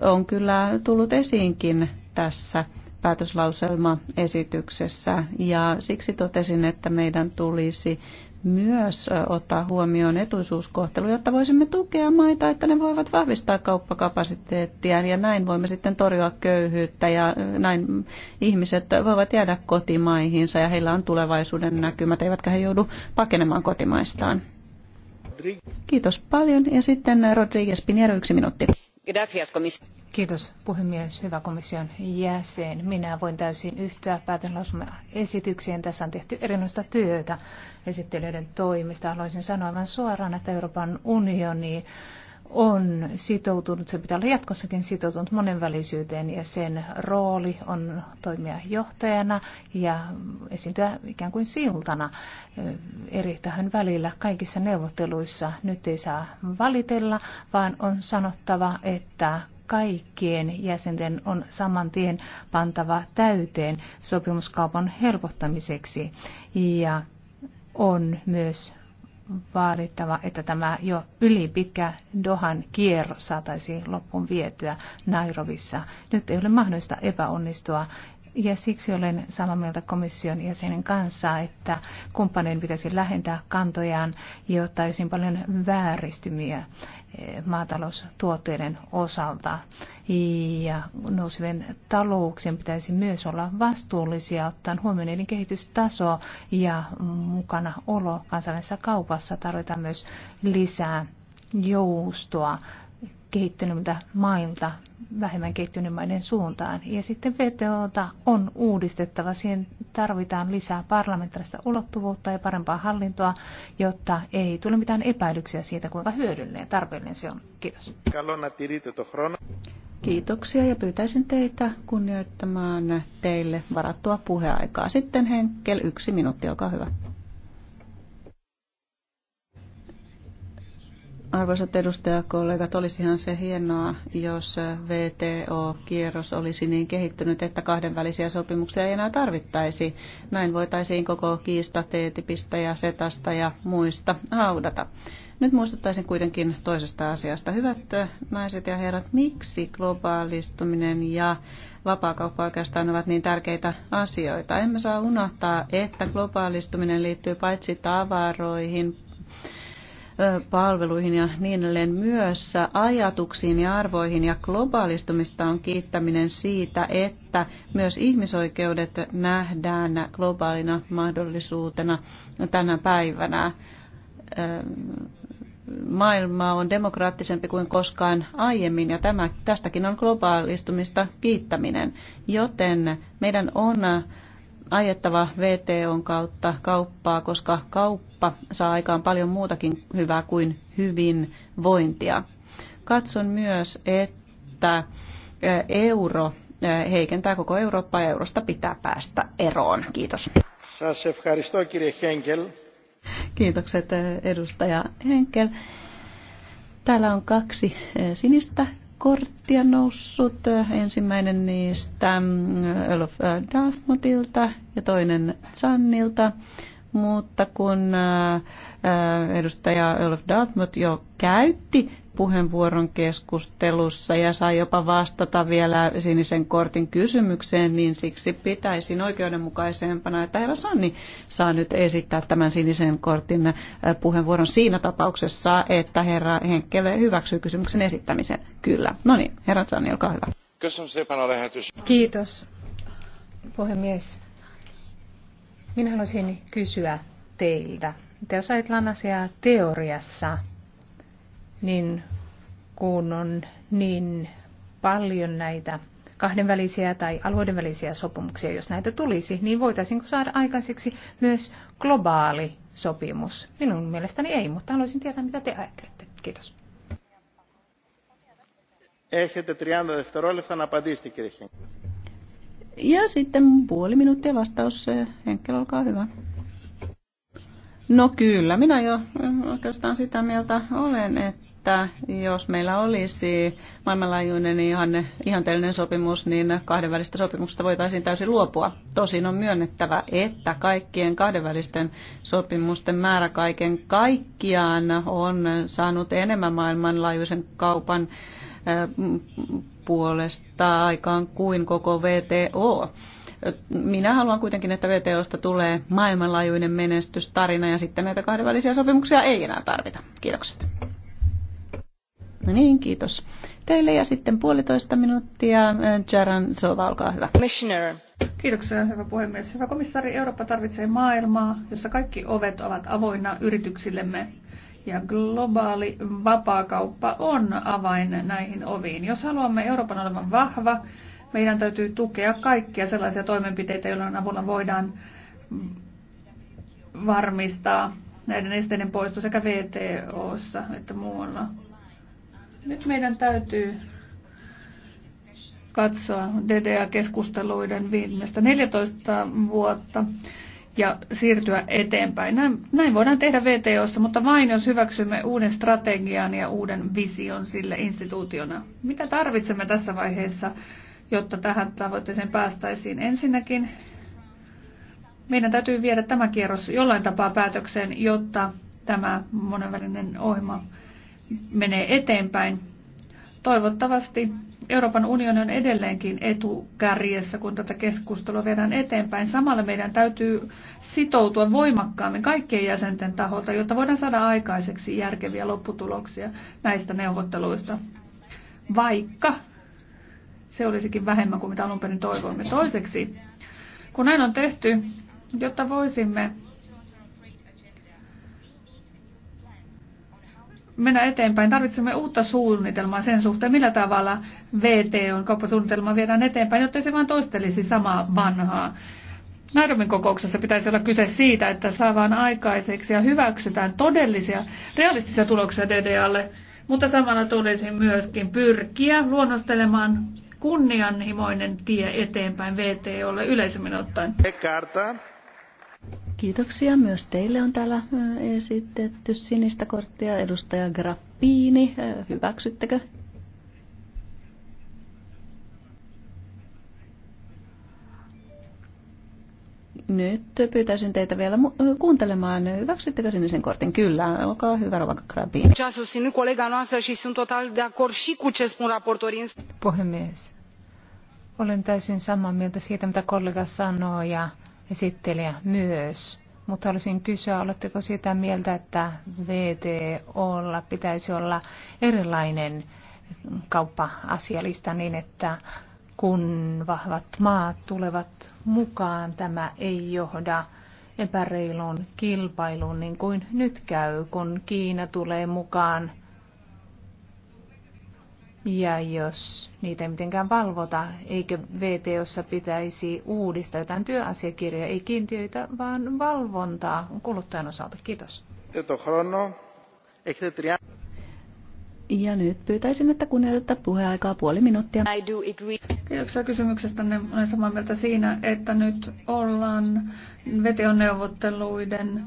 on kyllä tullut esiinkin tässä päätöslauselmaesityksessä ja siksi totesin, että meidän tulisi myös ottaa huomioon etuisuuskohtelu, jotta voisimme tukea maita, että ne voivat vahvistaa kauppakapasiteettia ja näin voimme sitten torjua köyhyyttä ja näin ihmiset voivat jäädä kotimaihinsa ja heillä on tulevaisuuden näkymät, eivätkä he joudu pakenemaan kotimaistaan. Kiitos paljon ja sitten Rodriguez Pinheiro yksi minuutti. Kiitos puhemies, hyvä komission jäsen. Minä voin täysin yhtyä päätöslausuman esityksiin Tässä on tehty erinomaista työtä esittelijöiden toimista. Haluaisin sanoa aivan suoraan, että Euroopan unioni on sitoutunut, se pitää olla jatkossakin sitoutunut monenvälisyyteen ja sen rooli on toimia johtajana ja esiintyä ikään kuin siltana eh, eri tähän välillä kaikissa neuvotteluissa. Nyt ei saa valitella, vaan on sanottava, että kaikkien jäsenten on saman tien pantava täyteen sopimuskaupan helpottamiseksi ja on myös vaadittava, että tämä jo yli pitkä Dohan kierros saataisiin loppuun vietyä Nairovissa. Nyt ei ole mahdollista epäonnistua ja siksi olen samaa mieltä komission jäsenen kanssa, että kumppanin pitäisi lähentää kantojaan, jotta olisi paljon vääristymiä eh, maataloustuotteiden osalta. Ja nousivien talouksien pitäisi myös olla vastuullisia, ottaen huomioon niiden kehitystaso ja mukana olo kansainvälisessä kaupassa. Tarvitaan myös lisää joustoa kehittyneiltä mailta vähemmän kehittyneiden maiden suuntaan. Ja sitten VTOta on uudistettava. Siihen tarvitaan lisää parlamentaarista ulottuvuutta ja parempaa hallintoa, jotta ei tule mitään epäilyksiä siitä, kuinka hyödyllinen ja tarpeellinen se on. Kiitos. Kiitoksia ja pyytäisin teitä kunnioittamaan teille varattua puheaikaa. Sitten Henkel, yksi minuutti, olkaa hyvä. Arvoisat edustajakollegat, olisihan se hienoa, jos VTO-kierros olisi niin kehittynyt, että kahdenvälisiä sopimuksia ei enää tarvittaisi. Näin voitaisiin koko kiista teetipistä ja setasta ja muista haudata. Nyt muistuttaisin kuitenkin toisesta asiasta. Hyvät naiset ja herrat, miksi globaalistuminen ja vapaakauppa oikeastaan ovat niin tärkeitä asioita? Emme saa unohtaa, että globaalistuminen liittyy paitsi tavaroihin, palveluihin ja niin edelleen myös ajatuksiin ja arvoihin ja globaalistumista on kiittäminen siitä, että myös ihmisoikeudet nähdään globaalina mahdollisuutena tänä päivänä. Maailma on demokraattisempi kuin koskaan aiemmin ja tämä, tästäkin on globaalistumista kiittäminen, joten meidän on ajettava VTOn kautta kauppaa, koska kauppa saa aikaan paljon muutakin hyvää kuin hyvinvointia. Katson myös, että euro heikentää koko Eurooppaa ja eurosta pitää päästä eroon. Kiitos. Kiitokset edustaja Henkel. Täällä on kaksi sinistä korttia noussut. Ensimmäinen niistä mm, Elof äh, Darthmotilta ja toinen Sannilta. Mutta kun äh, äh, edustaja Elof Darthmot jo käytti puheenvuoron keskustelussa ja sai jopa vastata vielä sinisen kortin kysymykseen, niin siksi pitäisin oikeudenmukaisempana, että herra Sanni saa nyt esittää tämän sinisen kortin äh, puheenvuoron siinä tapauksessa, että herra Henkkele hyväksyy kysymyksen esittämisen. Kyllä. No niin, herra Sanni, olkaa hyvä. Kiitos, puhemies. Minä haluaisin kysyä teiltä. Te jos ajatellaan asiaa teoriassa, niin kun on niin paljon näitä kahdenvälisiä tai alueiden välisiä sopimuksia, jos näitä tulisi, niin voitaisiinko saada aikaiseksi myös globaali sopimus? Minun mielestäni ei, mutta haluaisin tietää, mitä te ajattelette. Kiitos. Ja sitten puoli minuuttia vastaus. Henkel, olkaa hyvä. No kyllä, minä jo oikeastaan sitä mieltä olen, että että jos meillä olisi maailmanlaajuinen ihan, ihanteellinen sopimus, niin kahdenvälistä sopimuksesta voitaisiin täysin luopua. Tosin on myönnettävä, että kaikkien kahdenvälisten sopimusten määrä kaiken kaikkiaan on saanut enemmän maailmanlaajuisen kaupan eh, puolesta aikaan kuin koko VTO. Minä haluan kuitenkin, että VTOsta tulee maailmanlaajuinen menestystarina ja sitten näitä kahdenvälisiä sopimuksia ei enää tarvita. Kiitokset. No niin, kiitos teille ja sitten puolitoista minuuttia. Äh, Jaran Sova, olkaa hyvä. Missioner. Kiitoksia, hyvä puhemies. Hyvä komissaari, Eurooppa tarvitsee maailmaa, jossa kaikki ovet ovat avoinna yrityksillemme ja globaali vapaakauppa on avain näihin oviin. Jos haluamme Euroopan olevan vahva, meidän täytyy tukea kaikkia sellaisia toimenpiteitä, joiden avulla voidaan varmistaa näiden esteiden poisto sekä VTOssa että muualla. Nyt meidän täytyy katsoa DDA-keskusteluiden viimeistä 14 vuotta ja siirtyä eteenpäin. Näin, näin voidaan tehdä VTOssa, mutta vain jos hyväksymme uuden strategian ja uuden vision sille instituutiona. Mitä tarvitsemme tässä vaiheessa, jotta tähän tavoitteeseen päästäisiin? Ensinnäkin meidän täytyy viedä tämä kierros jollain tapaa päätökseen, jotta tämä monenvälinen ohjelma menee eteenpäin. Toivottavasti Euroopan unioni on edelleenkin etukärjessä, kun tätä keskustelua viedään eteenpäin. Samalla meidän täytyy sitoutua voimakkaammin kaikkien jäsenten taholta, jotta voidaan saada aikaiseksi järkeviä lopputuloksia näistä neuvotteluista. Vaikka se olisikin vähemmän kuin mitä alun perin toivoimme. Toiseksi, kun näin on tehty, jotta voisimme mennä eteenpäin. Tarvitsemme uutta suunnitelmaa sen suhteen, millä tavalla VT on kauppasuunnitelma viedään eteenpäin, jotta se vain toistelisi samaa vanhaa. Nairobin kokouksessa pitäisi olla kyse siitä, että saadaan aikaiseksi ja hyväksytään todellisia, realistisia tuloksia DDAlle, mutta samalla tulisi myöskin pyrkiä luonnostelemaan kunnianhimoinen tie eteenpäin VTOlle yleisemmin ottaen. Kiitoksia. Myös teille on täällä esitetty sinistä korttia. Edustaja Grappiini, hyväksyttekö? Nyt pyytäisin teitä vielä kuuntelemaan. Hyväksyttekö sinisen kortin? Kyllä, olkaa hyvä, Rova Grappiini. Puhemies, olen täysin samaa mieltä siitä, mitä kollega sanoo ja esittelijä myös. Mutta haluaisin kysyä, oletteko sitä mieltä, että VTOlla pitäisi olla erilainen kauppa-asialista niin, että kun vahvat maat tulevat mukaan, tämä ei johda epäreiluun kilpailuun niin kuin nyt käy, kun Kiina tulee mukaan – ja jos niitä ei mitenkään valvota, eikö VTOssa pitäisi uudistaa jotain työasiakirjoja, ei kiintiöitä, vaan valvontaa kuluttajan osalta. Kiitos. Ja nyt pyytäisin, että kunnioitetta puheaikaa puoli minuuttia. I do agree. Kiitoksia kysymyksestä Olen samaa mieltä siinä, että nyt ollaan VTO-neuvotteluiden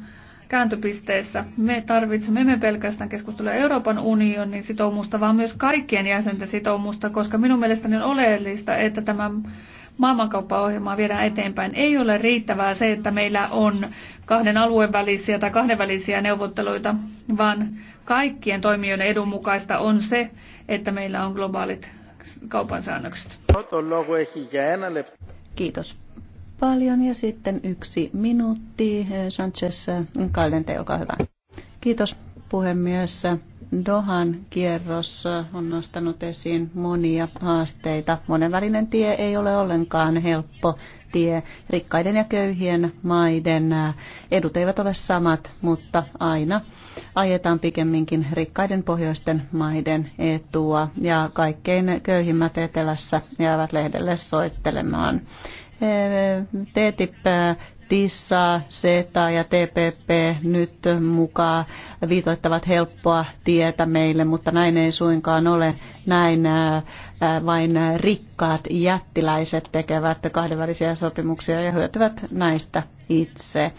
kääntöpisteessä. Me tarvitsemme emme pelkästään keskustelua Euroopan unionin sitoumusta, vaan myös kaikkien jäsenten sitoumusta, koska minun mielestäni on oleellista, että tämä maailmankauppaohjelmaa viedään eteenpäin. Ei ole riittävää se, että meillä on kahden alueen välisiä tai välisiä neuvotteluita, vaan kaikkien toimijoiden edun mukaista on se, että meillä on globaalit kaupan säännökset. Kiitos paljon ja sitten yksi minuutti. Sanchez Kaldente, olkaa hyvä. Kiitos puhemies. Dohan kierros on nostanut esiin monia haasteita. Monenvälinen tie ei ole ollenkaan helppo tie. Rikkaiden ja köyhien maiden edut eivät ole samat, mutta aina ajetaan pikemminkin rikkaiden pohjoisten maiden etua ja kaikkein köyhimmät etelässä jäävät lehdelle soittelemaan. TTIP, TISA, SETA ja TPP nyt mukaan viitoittavat helppoa tietä meille, mutta näin ei suinkaan ole. Näin vain rikkaat jättiläiset tekevät kahdenvälisiä sopimuksia ja hyötyvät näistä itse.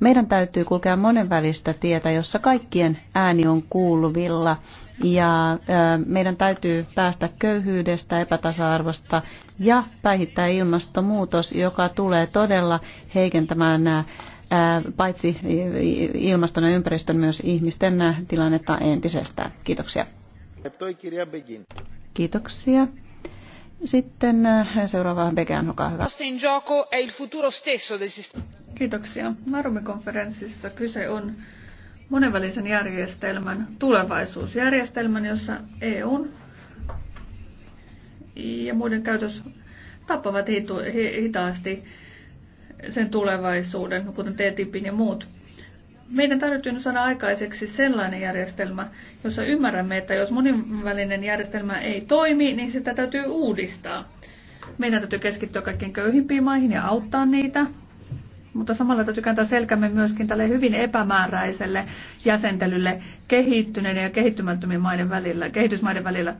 Meidän täytyy kulkea monenvälistä tietä, jossa kaikkien ääni on kuuluvilla ja meidän täytyy päästä köyhyydestä, epätasa-arvosta ja päihittää ilmastonmuutos, joka tulee todella heikentämään nämä paitsi ilmaston ja ympäristön myös ihmisten tilannetta entisestään. Kiitoksia. Kiitoksia. Sitten seuraava Began, olkaa hyvä. Kiitoksia. konferenssissa kyse on monenvälisen järjestelmän tulevaisuusjärjestelmän, jossa EUn ja muiden käytös tappavat hitaasti sen tulevaisuuden, kuten TTIPin ja muut. Meidän täytyy nyt saada aikaiseksi sellainen järjestelmä, jossa ymmärrämme, että jos monivälinen järjestelmä ei toimi, niin sitä täytyy uudistaa. Meidän täytyy keskittyä kaikkein köyhimpiin maihin ja auttaa niitä, mutta samalla täytyy kääntää selkämme myöskin tälle hyvin epämääräiselle jäsentelylle kehittyneiden ja kehittymättömien maiden välillä, kehitysmaiden välillä.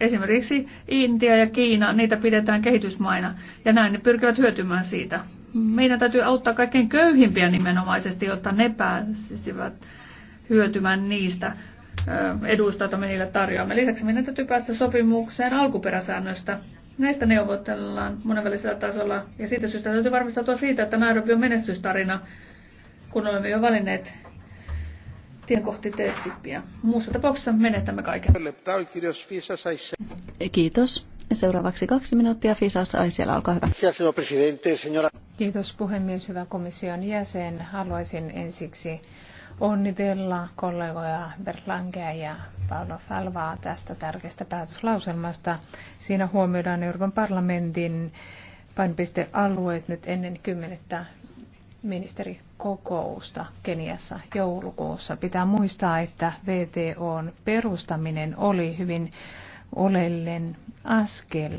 Esimerkiksi Intia ja Kiina, niitä pidetään kehitysmaina ja näin ne pyrkivät hyötymään siitä. Meidän täytyy auttaa kaikkein köyhimpiä nimenomaisesti, jotta ne pääsisivät hyötymään niistä eduista, joita me niille tarjoamme. Lisäksi meidän täytyy päästä sopimukseen alkuperäsäännöstä Näistä neuvotellaan monenvälisellä tasolla ja siitä syystä täytyy varmistautua siitä, että Nairobi on menestystarina, kun olemme jo valinneet tien kohti TTIPia. Muussa tapauksessa menetämme kaiken. Kiitos. Seuraavaksi kaksi minuuttia Fisas Aisela, olkaa hyvä. Kiitos puhemies, hyvä komission jäsen. Haluaisin ensiksi onnitella kollegoja Berlangea ja Paolo Salvaa tästä tärkeästä päätöslauselmasta. Siinä huomioidaan Euroopan parlamentin painopistealueet nyt ennen kymmenettä ministerikokousta Keniassa joulukuussa. Pitää muistaa, että VTOn perustaminen oli hyvin oleellinen askel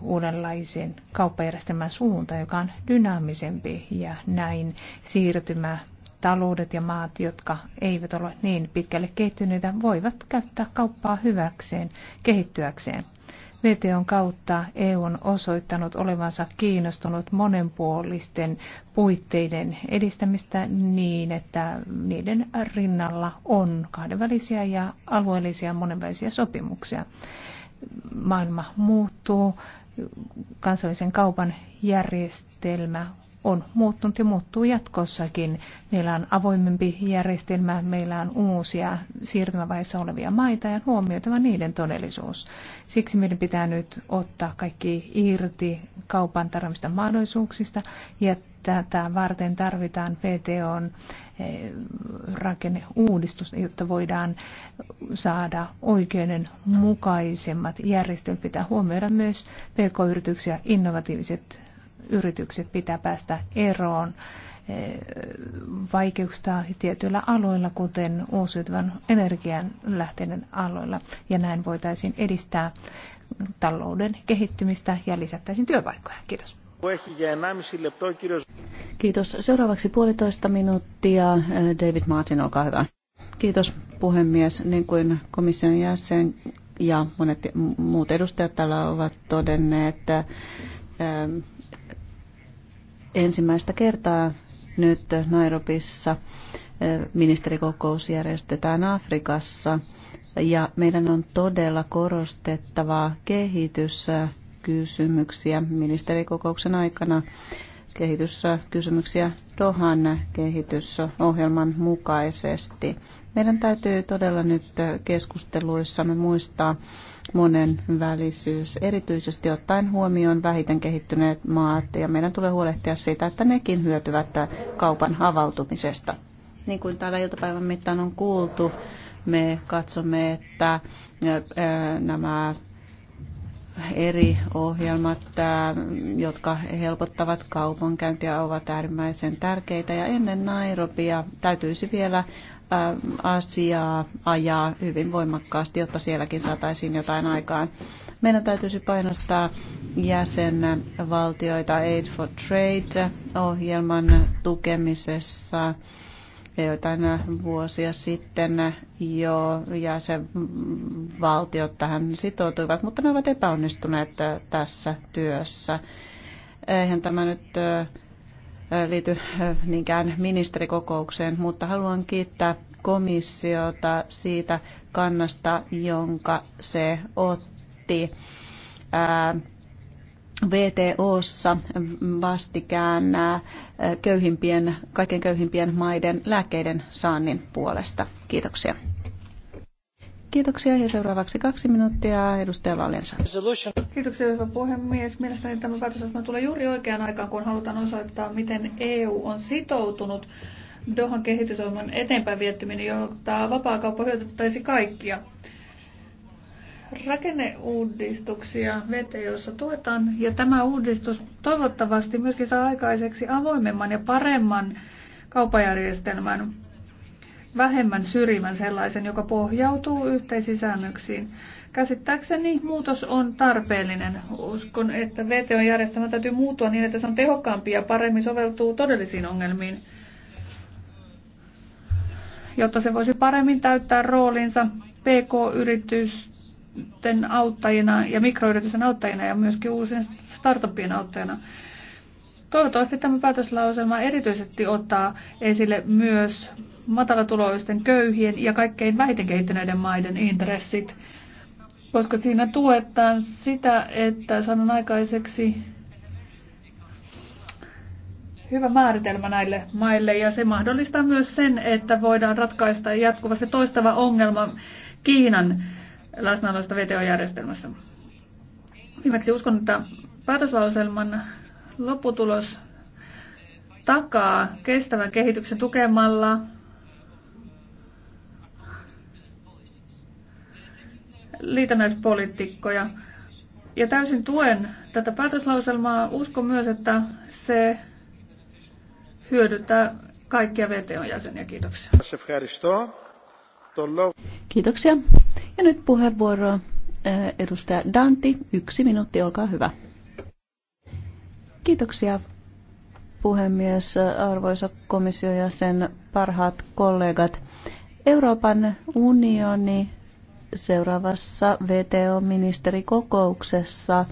uudenlaisen kauppajärjestelmän suuntaan, joka on dynaamisempi ja näin siirtymä taloudet ja maat, jotka eivät ole niin pitkälle kehittyneitä, voivat käyttää kauppaa hyväkseen, kehittyäkseen. VTOn kautta EU on osoittanut olevansa kiinnostunut monenpuolisten puitteiden edistämistä niin, että niiden rinnalla on kahdenvälisiä ja alueellisia monenvälisiä sopimuksia. Maailma muuttuu, kansallisen kaupan järjestelmä on muuttunut ja muuttuu jatkossakin. Meillä on avoimempi järjestelmä, meillä on uusia siirtymävaiheessa olevia maita ja huomioitava niiden todellisuus. Siksi meidän pitää nyt ottaa kaikki irti kaupan tarvista mahdollisuuksista ja tätä varten tarvitaan VTOn eh, rakenneuudistus, jotta voidaan saada oikeudenmukaisemmat järjestelmät. Pitää huomioida myös pk-yrityksiä, innovatiiviset yritykset pitää päästä eroon eh, vaikeuksista tietyillä aloilla, kuten uusiutuvan energian lähteiden aloilla. Ja näin voitaisiin edistää talouden kehittymistä ja lisättäisiin työpaikkoja. Kiitos. Kiitos. Seuraavaksi puolitoista minuuttia. David Martin, olkaa hyvä. Kiitos puhemies. Niin kuin komission jäsen ja monet muut edustajat täällä ovat todenneet, että ensimmäistä kertaa nyt Nairobissa ministerikokous järjestetään Afrikassa ja meidän on todella korostettava kehityskysymyksiä ministerikokouksen aikana kehityskysymyksiä Dohan kehitysohjelman mukaisesti. Meidän täytyy todella nyt keskusteluissamme muistaa, monenvälisyys, erityisesti ottaen huomioon vähiten kehittyneet maat, ja meidän tulee huolehtia siitä, että nekin hyötyvät kaupan avautumisesta. Niin kuin täällä iltapäivän mittaan on kuultu, me katsomme, että nämä eri ohjelmat, jotka helpottavat kaupankäyntiä, ovat äärimmäisen tärkeitä. Ja ennen Nairobia täytyisi vielä asiaa ajaa hyvin voimakkaasti, jotta sielläkin saataisiin jotain aikaan. Meidän täytyisi painostaa jäsenvaltioita Aid for Trade-ohjelman tukemisessa. joitain vuosia sitten jo jäsenvaltiot tähän sitoutuivat, mutta ne ovat epäonnistuneet tässä työssä. Eihän tämä nyt liity niinkään ministerikokoukseen, mutta haluan kiittää komissiota siitä kannasta, jonka se otti VTOssa vastikään köyhimpien, kaiken köyhimpien maiden lääkkeiden saannin puolesta. Kiitoksia. Kiitoksia ja seuraavaksi kaksi minuuttia edustaja Valensa. Kiitoksia hyvä puhemies. Mielestäni tämä päätösasema tulee juuri oikeaan aikaan, kun halutaan osoittaa, miten EU on sitoutunut Dohan kehitysohjelman eteenpäin viettyminen, vapaa kauppa hyödyttäisi kaikkia. Rakenneuudistuksia VTOssa tuetaan ja tämä uudistus toivottavasti myöskin saa aikaiseksi avoimemman ja paremman kaupajärjestelmän vähemmän syrjivän sellaisen, joka pohjautuu yhteisiin säännöksiin. Käsittääkseni muutos on tarpeellinen. Uskon, että vto järjestelmä täytyy muuttua niin, että se on tehokkaampi ja paremmin soveltuu todellisiin ongelmiin, jotta se voisi paremmin täyttää roolinsa PK-yritysten auttajina ja mikroyritysten auttajina ja myöskin uusien startupien auttajina. Toivottavasti tämä päätöslauselma erityisesti ottaa esille myös matalatuloisten, köyhien ja kaikkein vähiten kehittyneiden maiden intressit, koska siinä tuetaan sitä, että sanon aikaiseksi hyvä määritelmä näille maille ja se mahdollistaa myös sen, että voidaan ratkaista jatkuvasti toistava ongelma Kiinan läsnäolosta VTO-järjestelmässä. Viimeksi uskon, että päätöslauselman lopputulos takaa kestävän kehityksen tukemalla liitännäispolitiikkoja. Ja täysin tuen tätä päätöslauselmaa. Uskon myös, että se hyödyttää kaikkia VTOn jäseniä. Kiitoksia. Kiitoksia. Ja nyt puheenvuoro edustaja Danti. Yksi minuutti, olkaa hyvä. Kiitoksia puhemies, arvoisa komissio ja sen parhaat kollegat. Euroopan unioni seuraavassa VTO-ministerikokouksessa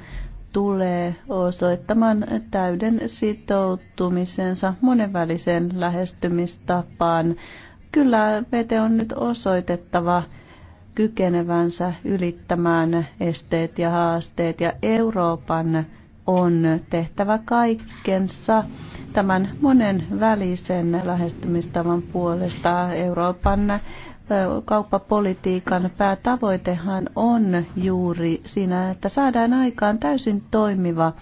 tulee osoittamaan täyden sitoutumisensa monenväliseen lähestymistapaan. Kyllä VT on nyt osoitettava kykenevänsä ylittämään esteet ja haasteet ja Euroopan on tehtävä kaikkensa tämän monen välisen lähestymistavan puolesta Euroopan kauppapolitiikan päätavoitehan on juuri siinä, että saadaan aikaan täysin toimiva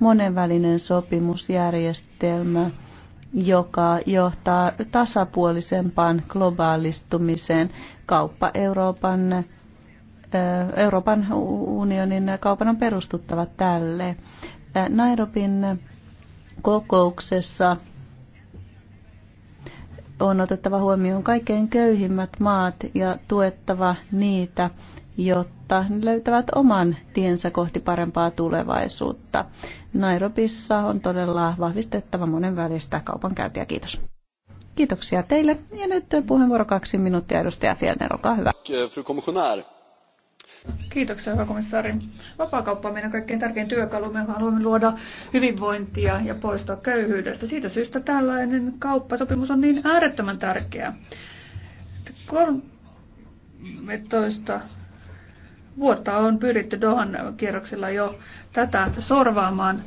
monenvälinen sopimusjärjestelmä, joka johtaa tasapuolisempaan globaalistumiseen. Kauppa Euroopan Euroopan unionin kaupan on perustuttava tälle. Nairobin kokouksessa on otettava huomioon kaikkein köyhimmät maat ja tuettava niitä, jotta ne löytävät oman tiensä kohti parempaa tulevaisuutta. Nairobissa on todella vahvistettava välistä kaupankäyntiä. Kiitos. Kiitoksia teille. Ja nyt puheenvuoro kaksi minuuttia, edustaja Fjellner, olkaa hyvä. Fru kommissionär. Kiitoksia, hyvä komissaari. Vapaakauppa on meidän kaikkein tärkein työkalu. Me haluamme luoda hyvinvointia ja poistaa köyhyydestä. Siitä syystä tällainen kauppasopimus on niin äärettömän tärkeä. 13 vuotta on pyritty Dohan kierroksilla jo tätä sorvaamaan.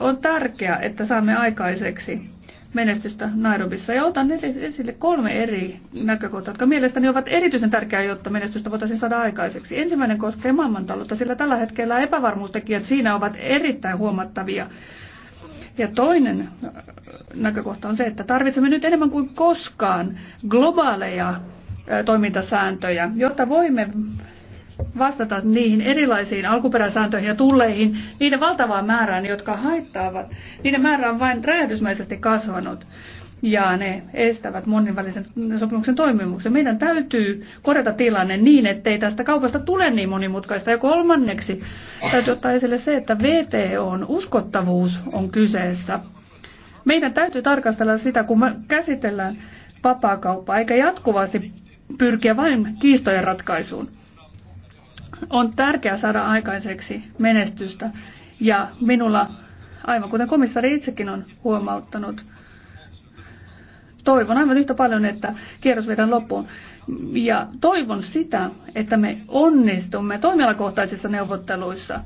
On tärkeää, että saamme aikaiseksi menestystä Nairobissa. Ja otan esille kolme eri näkökohtaa, jotka mielestäni ovat erityisen tärkeää, jotta menestystä voitaisiin saada aikaiseksi. Ensimmäinen koskee maailmantaloutta, sillä tällä hetkellä epävarmuustekijät siinä ovat erittäin huomattavia. Ja toinen äh, näkökohta on se, että tarvitsemme nyt enemmän kuin koskaan globaaleja äh, toimintasääntöjä, jotta voimme vastata niihin erilaisiin alkuperäsääntöihin ja tulleihin, niiden valtavaan määrään, jotka haittaavat. Niiden määrä on vain räjähdysmäisesti kasvanut ja ne estävät monivälisen sopimuksen toimimuksen. Meidän täytyy korjata tilanne niin, ettei tästä kaupasta tule niin monimutkaista. Ja kolmanneksi täytyy ottaa esille se, että VTOn uskottavuus on kyseessä. Meidän täytyy tarkastella sitä, kun me käsitellään vapaakauppaa, eikä jatkuvasti pyrkiä vain kiistojen ratkaisuun on tärkeää saada aikaiseksi menestystä. Ja minulla, aivan kuten komissaari itsekin on huomauttanut, toivon aivan yhtä paljon, että kierros viedään loppuun. Ja toivon sitä, että me onnistumme toimialakohtaisissa neuvotteluissa,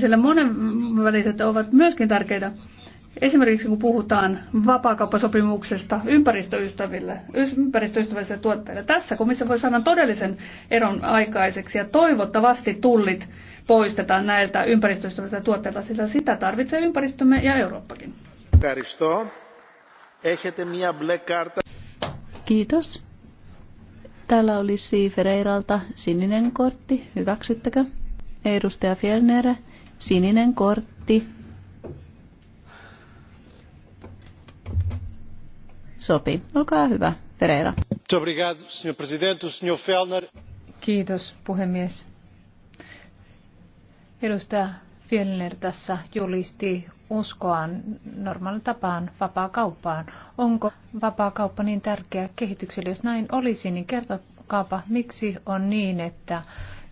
sillä monenväliset ovat myöskin tärkeitä Esimerkiksi kun puhutaan vapaakauppasopimuksesta ympäristöystäville, ympäristöystävällisille tuotteille, tässä komissio voi saada todellisen eron aikaiseksi ja toivottavasti tullit poistetaan näiltä ympäristöystävällisiltä tuotteilta, sillä sitä tarvitsee ympäristömme ja Eurooppakin. Kiitos. Täällä oli Ferreiralta sininen kortti. Hyväksyttekö? Edustaja Fjellner, sininen kortti. sopii. Olkaa hyvä, Ferreira. Kiitos, puhemies. Edustaja Fjellner tässä julisti uskoaan normaalin tapaan vapaa kauppaan. Onko vapaa kauppa niin tärkeä kehitykselle? Jos näin olisi, niin kertokaapa, miksi on niin, että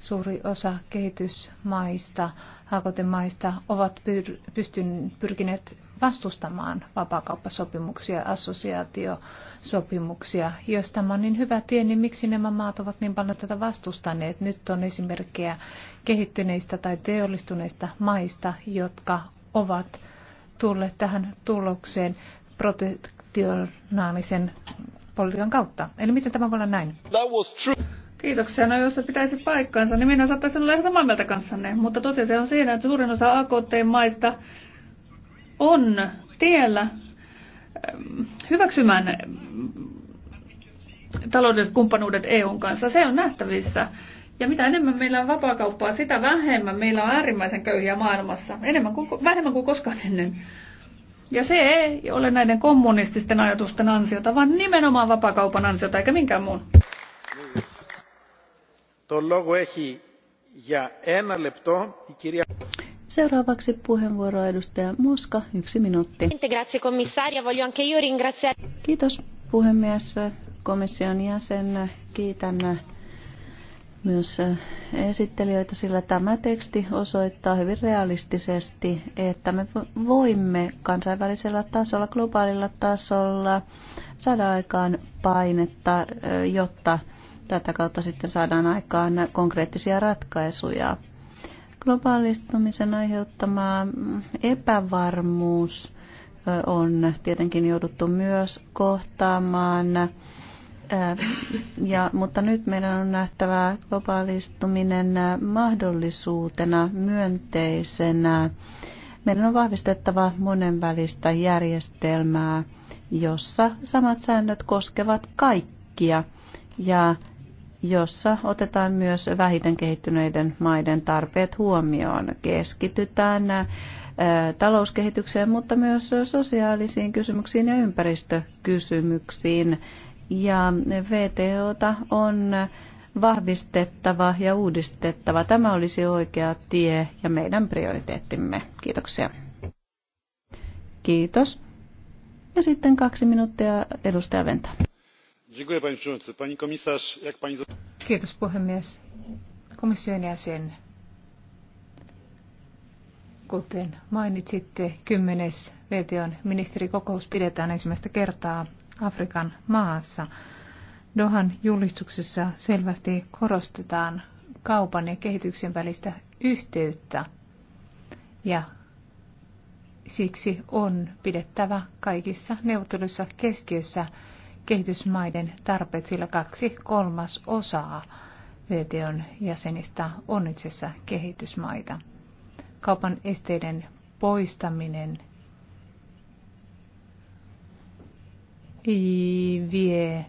Suuri osa kehitysmaista, hakotemaista ovat pyr- pystyn, pyrkineet vastustamaan vapaakauppasopimuksia, assosiaatiosopimuksia. Jos tämä on niin hyvä tie, niin miksi nämä maat ovat niin paljon tätä vastustaneet? Nyt on esimerkkejä kehittyneistä tai teollistuneista maista, jotka ovat tulleet tähän tulokseen protektionaalisen politiikan kautta. Eli miten tämä voi olla näin? Kiitoksia. No jos se pitäisi paikkaansa, niin minä saattaisin olla ihan samaa mieltä kanssanne. Mutta tosiasia on siinä, että suurin osa AKT-maista on tiellä ehm, hyväksymään ehm, taloudelliset kumppanuudet EUn kanssa. Se on nähtävissä. Ja mitä enemmän meillä on vapaakauppaa, sitä vähemmän meillä on äärimmäisen köyhiä maailmassa. Enemmän kuin, vähemmän kuin koskaan ennen. Ja se ei ole näiden kommunististen ajatusten ansiota, vaan nimenomaan vapaakaupan ansiota, eikä minkään muun. Seuraavaksi puheenvuoro edustaja Moska, yksi minuutti. Kiitos puhemies, komission jäsen. Kiitän äh, myös äh, esittelijöitä, sillä tämä teksti osoittaa hyvin realistisesti, että me voimme kansainvälisellä tasolla, globaalilla tasolla saada aikaan painetta, äh, jotta Tätä kautta sitten saadaan aikaan konkreettisia ratkaisuja. Globaalistumisen aiheuttama epävarmuus on tietenkin jouduttu myös kohtaamaan. Ja, mutta nyt meidän on nähtävä globaalistuminen mahdollisuutena, myönteisenä. Meidän on vahvistettava monenvälistä järjestelmää, jossa samat säännöt koskevat kaikkia. Ja jossa otetaan myös vähiten kehittyneiden maiden tarpeet huomioon. Keskitytään talouskehitykseen, mutta myös sosiaalisiin kysymyksiin ja ympäristökysymyksiin. Ja VTOta on vahvistettava ja uudistettava. Tämä olisi oikea tie ja meidän prioriteettimme. Kiitoksia. Kiitos. Ja sitten kaksi minuuttia edustaja Venta panie przewodniczący! pani komisarz! jak pani. kiitos komission jäsen kuten mainitsitte kymmenes wton ministerikokous pidetään ensimmäistä kertaa afrikan maassa. dohan julistuksessa selvästi korostetaan kaupan ja kehityksen välistä yhteyttä ja siksi on pidettävä kaikissa neuvotteluissa keskiössä kehitysmaiden tarpeet, sillä kaksi kolmas osaa VTOn jäsenistä on itse asiassa kehitysmaita. Kaupan esteiden poistaminen vie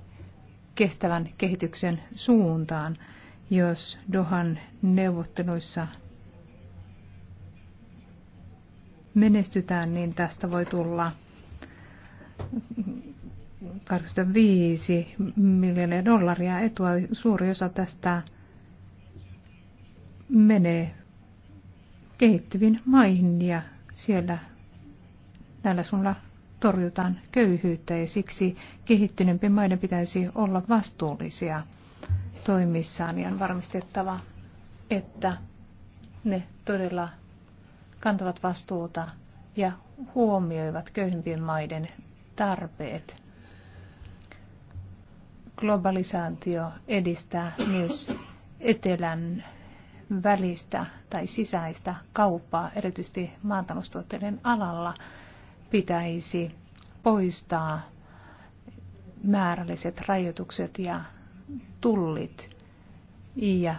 kestävän kehityksen suuntaan, jos Dohan neuvotteluissa menestytään, niin tästä voi tulla 85 miljoonaa dollaria etua. Suuri osa tästä menee kehittyviin maihin ja siellä näillä sulla torjutaan köyhyyttä ja siksi kehittyneempien maiden pitäisi olla vastuullisia toimissaan ja on varmistettava, että ne todella kantavat vastuuta ja huomioivat köyhimpien maiden tarpeet globalisaatio edistää myös etelän välistä tai sisäistä kauppaa, erityisesti maataloustuotteiden alalla, pitäisi poistaa määrälliset rajoitukset ja tullit. Ja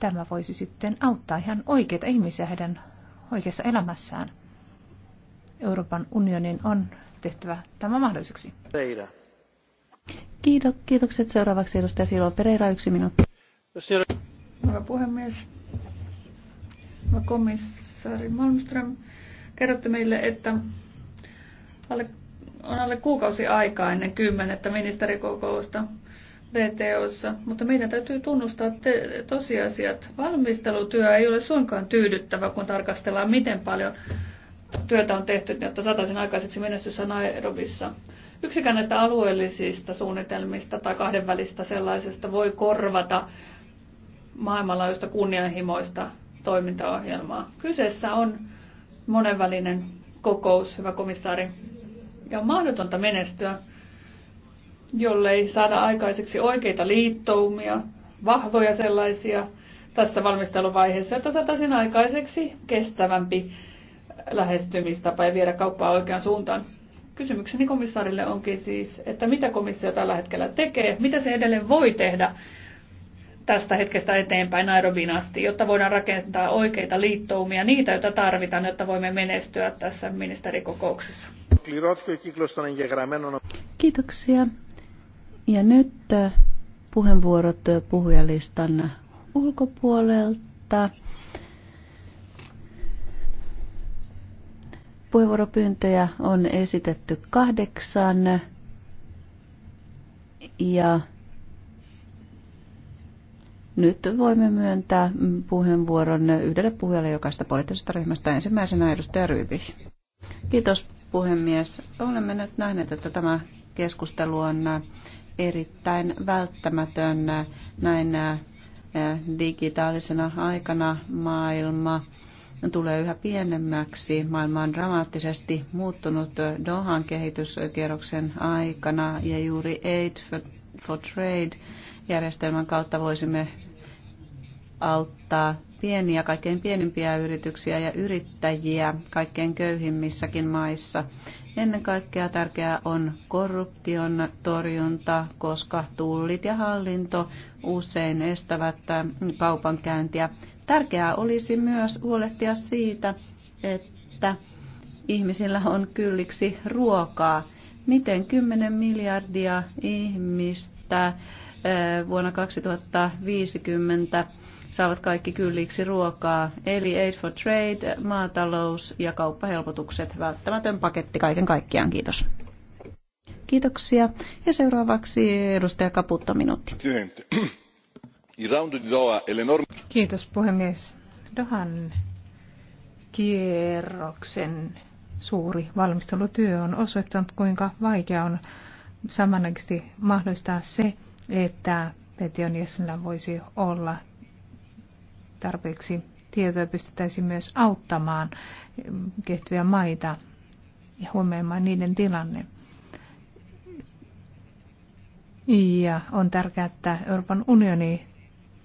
tämä voisi sitten auttaa ihan oikeita ihmisiä heidän oikeassa elämässään. Euroopan unionin on tehtävä tämä mahdolliseksi. Teidän. Kiido, kiitokset. Seuraavaksi edustaja Silva Pereira, yksi minuutti. Hyvä puhemies, Hyvä komissaari Malmström, kerrotte meille, että alle, on alle kuukausi aikaa ennen kymmenettä ministerikokousta VTOssa, mutta meidän täytyy tunnustaa te- tosiasiat. Valmistelutyö ei ole suinkaan tyydyttävä, kun tarkastellaan, miten paljon työtä on tehty, jotta saataisiin aikaiseksi menestys Nairobissa. Yksikään näistä alueellisista suunnitelmista tai kahdenvälistä sellaisesta voi korvata maailmanlaajuista kunnianhimoista toimintaohjelmaa. Kyseessä on monenvälinen kokous, hyvä komissaari, ja on mahdotonta menestyä, jollei saada aikaiseksi oikeita liittoumia, vahvoja sellaisia tässä valmisteluvaiheessa, jotta saataisiin aikaiseksi kestävämpi lähestymistapa ja viedä kauppaa oikeaan suuntaan. Kysymykseni komissaarille onkin siis, että mitä komissio tällä hetkellä tekee, mitä se edelleen voi tehdä tästä hetkestä eteenpäin Nairobiin asti, jotta voidaan rakentaa oikeita liittoumia, niitä, joita tarvitaan, jotta voimme menestyä tässä ministerikokouksessa. Kiitoksia. Ja nyt puheenvuorot puhujalistan ulkopuolelta. Puheenvuoropyyntöjä on esitetty kahdeksan ja nyt voimme myöntää puheenvuoron yhdelle puhujalle jokaista poliittisesta ryhmästä. Ensimmäisenä edustaja Ryyvi. Kiitos puhemies. Olemme nyt nähneet, että tämä keskustelu on erittäin välttämätön näin digitaalisena aikana maailma tulee yhä pienemmäksi. Maailma on dramaattisesti muuttunut Dohan kehityskierroksen aikana ja juuri Aid for Trade järjestelmän kautta voisimme auttaa pieniä, kaikkein pienimpiä yrityksiä ja yrittäjiä kaikkein köyhimmissäkin maissa. Ennen kaikkea tärkeää on korruption torjunta, koska tullit ja hallinto usein estävät kaupankäyntiä Tärkeää olisi myös huolehtia siitä, että ihmisillä on kylliksi ruokaa. Miten 10 miljardia ihmistä vuonna 2050 saavat kaikki kylliksi ruokaa. Eli Aid for Trade, maatalous ja kauppahelpotukset. Välttämätön paketti kaiken kaikkiaan. Kiitos. Kiitoksia. Ja seuraavaksi edustaja Kaputta minuutti. Kiitos puhemies. Dohan kierroksen suuri valmistelutyö on osoittanut, kuinka vaikea on samanaikaisesti mahdollistaa se, että petion jäsenellä voisi olla tarpeeksi tietoa pystyttäisiin myös auttamaan kehittyviä maita ja huomioimaan niiden tilanne. Ja on tärkeää, että Euroopan unioni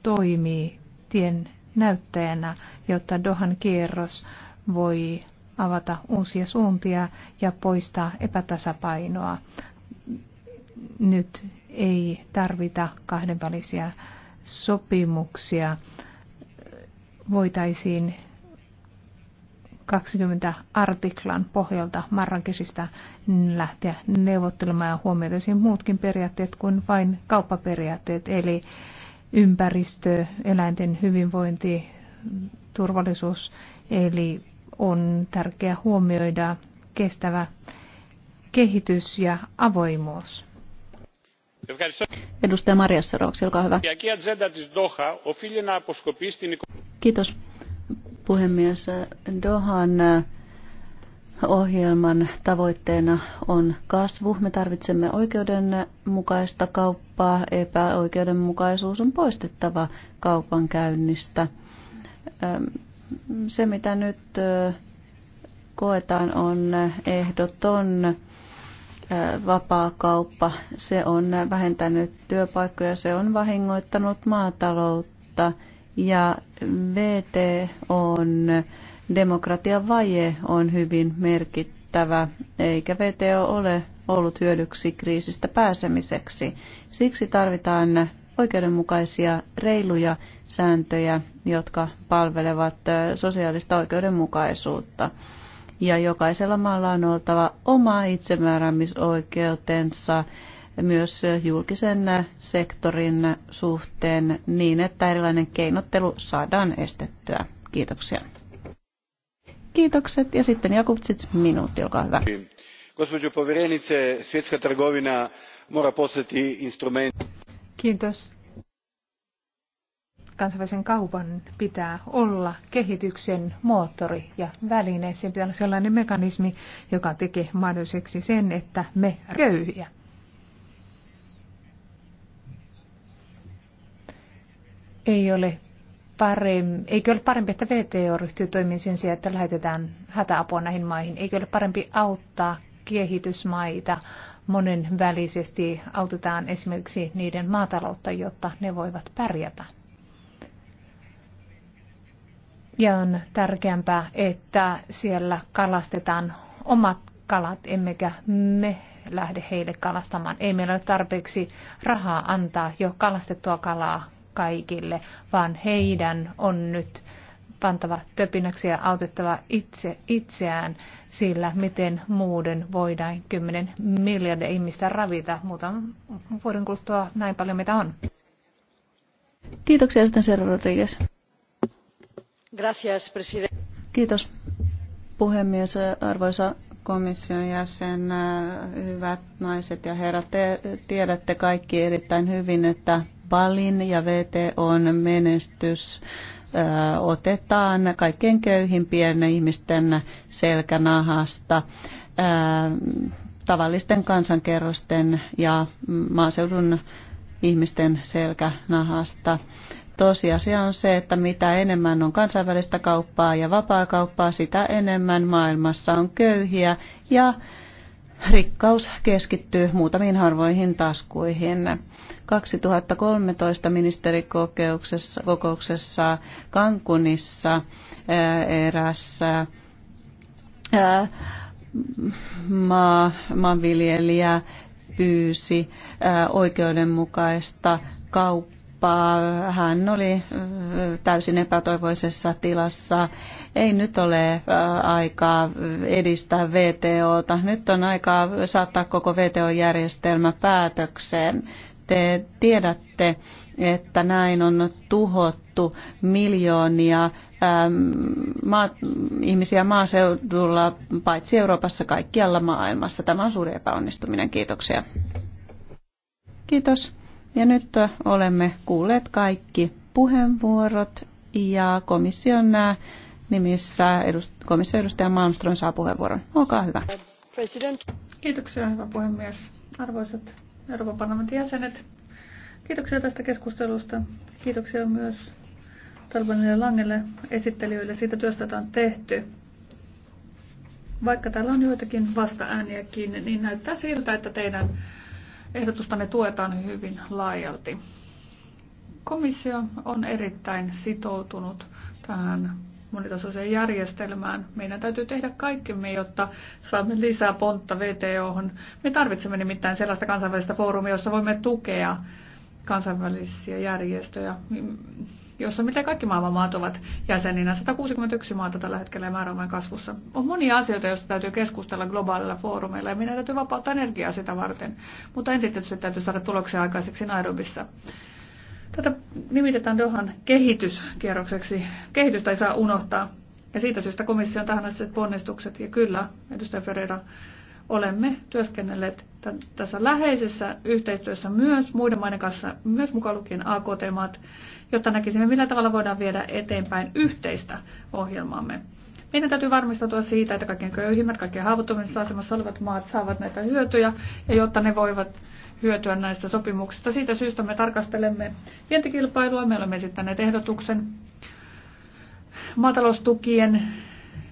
toimii tien näyttäjänä, jotta Dohan kierros voi avata uusia suuntia ja poistaa epätasapainoa. Nyt ei tarvita kahdenvälisiä sopimuksia. Voitaisiin 20 artiklan pohjalta Marrakesista lähteä neuvottelemaan ja huomioitaisiin muutkin periaatteet kuin vain kauppaperiaatteet, eli ympäristö, eläinten hyvinvointi, turvallisuus, eli on tärkeää huomioida kestävä kehitys ja avoimuus. Edustaja Maria Saroksi, olkaa hyvä. Kiitos puhemies. Dohan ohjelman tavoitteena on kasvu. Me tarvitsemme oikeudenmukaista kauppaa. Epäoikeudenmukaisuus on poistettava kaupan käynnistä. Se, mitä nyt koetaan, on ehdoton vapaa kauppa. Se on vähentänyt työpaikkoja, se on vahingoittanut maataloutta ja VT on Demokratian vaje on hyvin merkittävä, eikä VTO ole ollut hyödyksi kriisistä pääsemiseksi. Siksi tarvitaan oikeudenmukaisia, reiluja sääntöjä, jotka palvelevat sosiaalista oikeudenmukaisuutta. Ja jokaisella maalla on oltava oma itsemääräämisoikeutensa myös julkisen sektorin suhteen niin, että erilainen keinottelu saadaan estettyä. Kiitoksia. Kiitokset ja sitten Jakutsits minuutti, olkaa hyvä. Gospođo povjerenice, svjetska trgovina mora postati instrument. Kiitos. Kansainvälisen kaupan pitää olla kehityksen moottori ja väline. Siinä pitää olla sellainen mekanismi, joka tekee mahdolliseksi sen, että me köyhiä. Ei ole parempi, eikö ole parempi, että VTO ryhtyy toimiin sen sijaan, että lähetetään hätäapua näihin maihin? Eikö ole parempi auttaa kehitysmaita monenvälisesti? Autetaan esimerkiksi niiden maataloutta, jotta ne voivat pärjätä. Ja on tärkeämpää, että siellä kalastetaan omat kalat, emmekä me lähde heille kalastamaan. Ei meillä ole tarpeeksi rahaa antaa jo kalastettua kalaa kaikille, vaan heidän on nyt pantava töpinäksi ja autettava itse, itseään sillä, miten muuden voidaan 10 miljardia ihmistä ravita. Muutaman vuoden kuluttua näin paljon mitä on. Kiitoksia sitten Serra Rodriguez. Gracias, presidente. Kiitos puhemies, arvoisa komission jäsen, hyvät naiset ja herrat, te tiedätte kaikki erittäin hyvin, että Balin ja VTOn menestys otetaan kaikkein köyhimpien ihmisten selkänahasta tavallisten kansankerrosten ja maaseudun ihmisten selkänahasta. Tosiasia on se, että mitä enemmän on kansainvälistä kauppaa ja vapaa kauppaa, sitä enemmän maailmassa on köyhiä ja rikkaus keskittyy muutamiin harvoihin taskuihin. 2013 ministerikokouksessa kokouksessa Kankunissa erässä maa, maanviljelijä pyysi oikeudenmukaista kauppaa. Hän oli täysin epätoivoisessa tilassa. Ei nyt ole aikaa edistää VTOta. Nyt on aikaa saattaa koko VTO-järjestelmä päätökseen te tiedätte, että näin on tuhottu miljoonia ähm, maa, ihmisiä maaseudulla, paitsi Euroopassa, kaikkialla maailmassa. Tämä on suuri epäonnistuminen. Kiitoksia. Kiitos. Ja nyt olemme kuulleet kaikki puheenvuorot ja komission äh, nimissä edust- komission edustaja Malmström saa puheenvuoron. Olkaa hyvä. President. Kiitoksia, hyvä puhemies. Arvoisat Euroopan parlamentin jäsenet. Kiitoksia tästä keskustelusta. Kiitoksia myös Talbanille Langelle esittelijöille siitä työstä, jota on tehty. Vaikka täällä on joitakin vasta-ääniäkin, niin näyttää siltä, että teidän ehdotustanne tuetaan hyvin laajalti. Komissio on erittäin sitoutunut tähän monitasoiseen järjestelmään. Meidän täytyy tehdä kaikkemme, jotta saamme lisää pontta VTOhon. Me tarvitsemme nimittäin sellaista kansainvälistä foorumia, jossa voimme tukea kansainvälisiä järjestöjä, jossa mitä kaikki maailman maat ovat jäseninä. 161 maata tällä hetkellä ja määrä vain kasvussa. On monia asioita, joista täytyy keskustella globaalilla foorumeilla ja meidän täytyy vapauttaa energiaa sitä varten. Mutta ensin tietysti täytyy saada tuloksia aikaiseksi Nairobissa. Tätä nimitetään Dohan kehityskierrokseksi. Kehitystä ei saa unohtaa. Ja siitä syystä komission asti ponnistukset, ja kyllä, edustaja Ferreira, olemme työskennelleet tässä läheisessä yhteistyössä myös muiden maiden kanssa, myös mukaan lukien AKT-maat, jotta näkisimme, millä tavalla voidaan viedä eteenpäin yhteistä ohjelmaamme. Meidän täytyy varmistautua siitä, että kaikkein köyhimmät, kaikkein haavoittuvimmissa asemassa olevat maat saavat näitä hyötyjä, ja jotta ne voivat hyötyä näistä sopimuksista. Siitä syystä me tarkastelemme vientikilpailua. Me olemme esittäneet ehdotuksen maataloustukien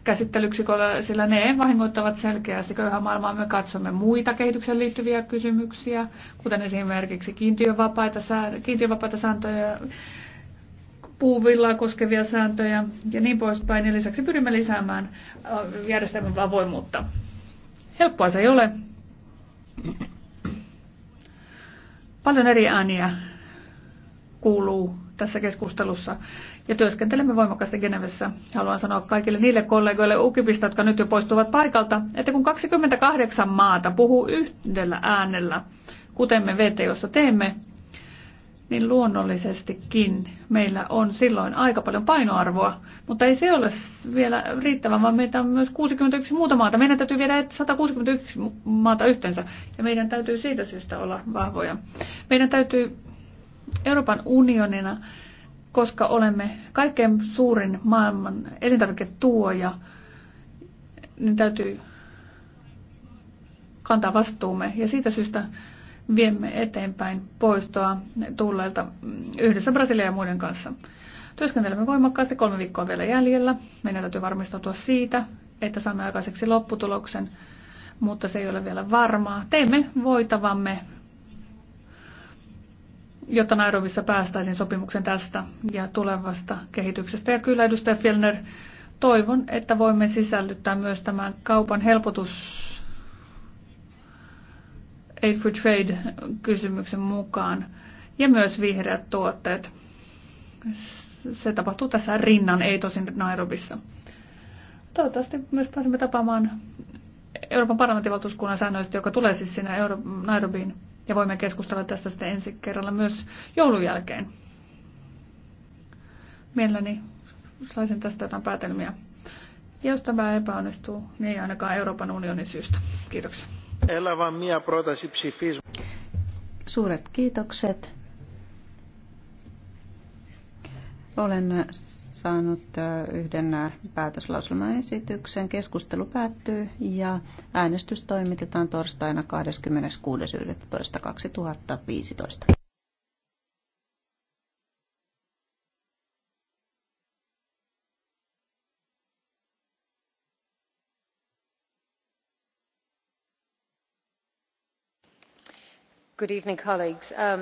käsittelyksi, sillä ne vahingoittavat selkeästi köyhää maailmaa. Me katsomme muita kehitykseen liittyviä kysymyksiä, kuten esimerkiksi kiintiövapaita, kiintiövapaita sääntöjä, puuvillaa koskevia sääntöjä ja niin poispäin. Ja lisäksi pyrimme lisäämään äh, järjestelmän avoimuutta. Helppoa se ei ole, Paljon eri ääniä kuuluu tässä keskustelussa ja työskentelemme voimakkaasti Genevessä. Haluan sanoa kaikille niille kollegoille UKIPista, jotka nyt jo poistuvat paikalta, että kun 28 maata puhuu yhdellä äänellä, kuten me VTOssa teemme, niin luonnollisestikin meillä on silloin aika paljon painoarvoa, mutta ei se ole vielä riittävän, vaan meitä on myös 61 muuta maata. Meidän täytyy viedä 161 maata yhteensä ja meidän täytyy siitä syystä olla vahvoja. Meidän täytyy Euroopan unionina, koska olemme kaikkein suurin maailman elintarviketuoja, niin täytyy kantaa vastuumme ja siitä syystä viemme eteenpäin poistoa tulleilta yhdessä Brasilian ja muiden kanssa. Työskentelemme voimakkaasti kolme viikkoa vielä jäljellä. Meidän täytyy varmistautua siitä, että saamme aikaiseksi lopputuloksen, mutta se ei ole vielä varmaa. Teemme voitavamme, jotta Nairobissa päästäisiin sopimuksen tästä ja tulevasta kehityksestä. Ja kyllä, edustaja Filner, toivon, että voimme sisällyttää myös tämän kaupan helpotus Aid for Trade-kysymyksen mukaan ja myös vihreät tuotteet. Se tapahtuu tässä rinnan, ei tosin Nairobissa. Toivottavasti myös pääsemme tapaamaan Euroopan parlamentin valtuuskunnan säännöistä, joka tulee siis sinne Euro- Nairobiin. Ja voimme keskustella tästä sitten ensi kerralla myös joulun jälkeen. Mielelläni saisin tästä jotain päätelmiä. Ja jos tämä epäonnistuu, niin ei ainakaan Euroopan unionin syystä. Kiitoksia. Suuret kiitokset. Olen saanut yhden päätöslauselmaesityksen. Keskustelu päättyy ja äänestys toimitetaan torstaina 26.11.2015. good evening colleagues. Um,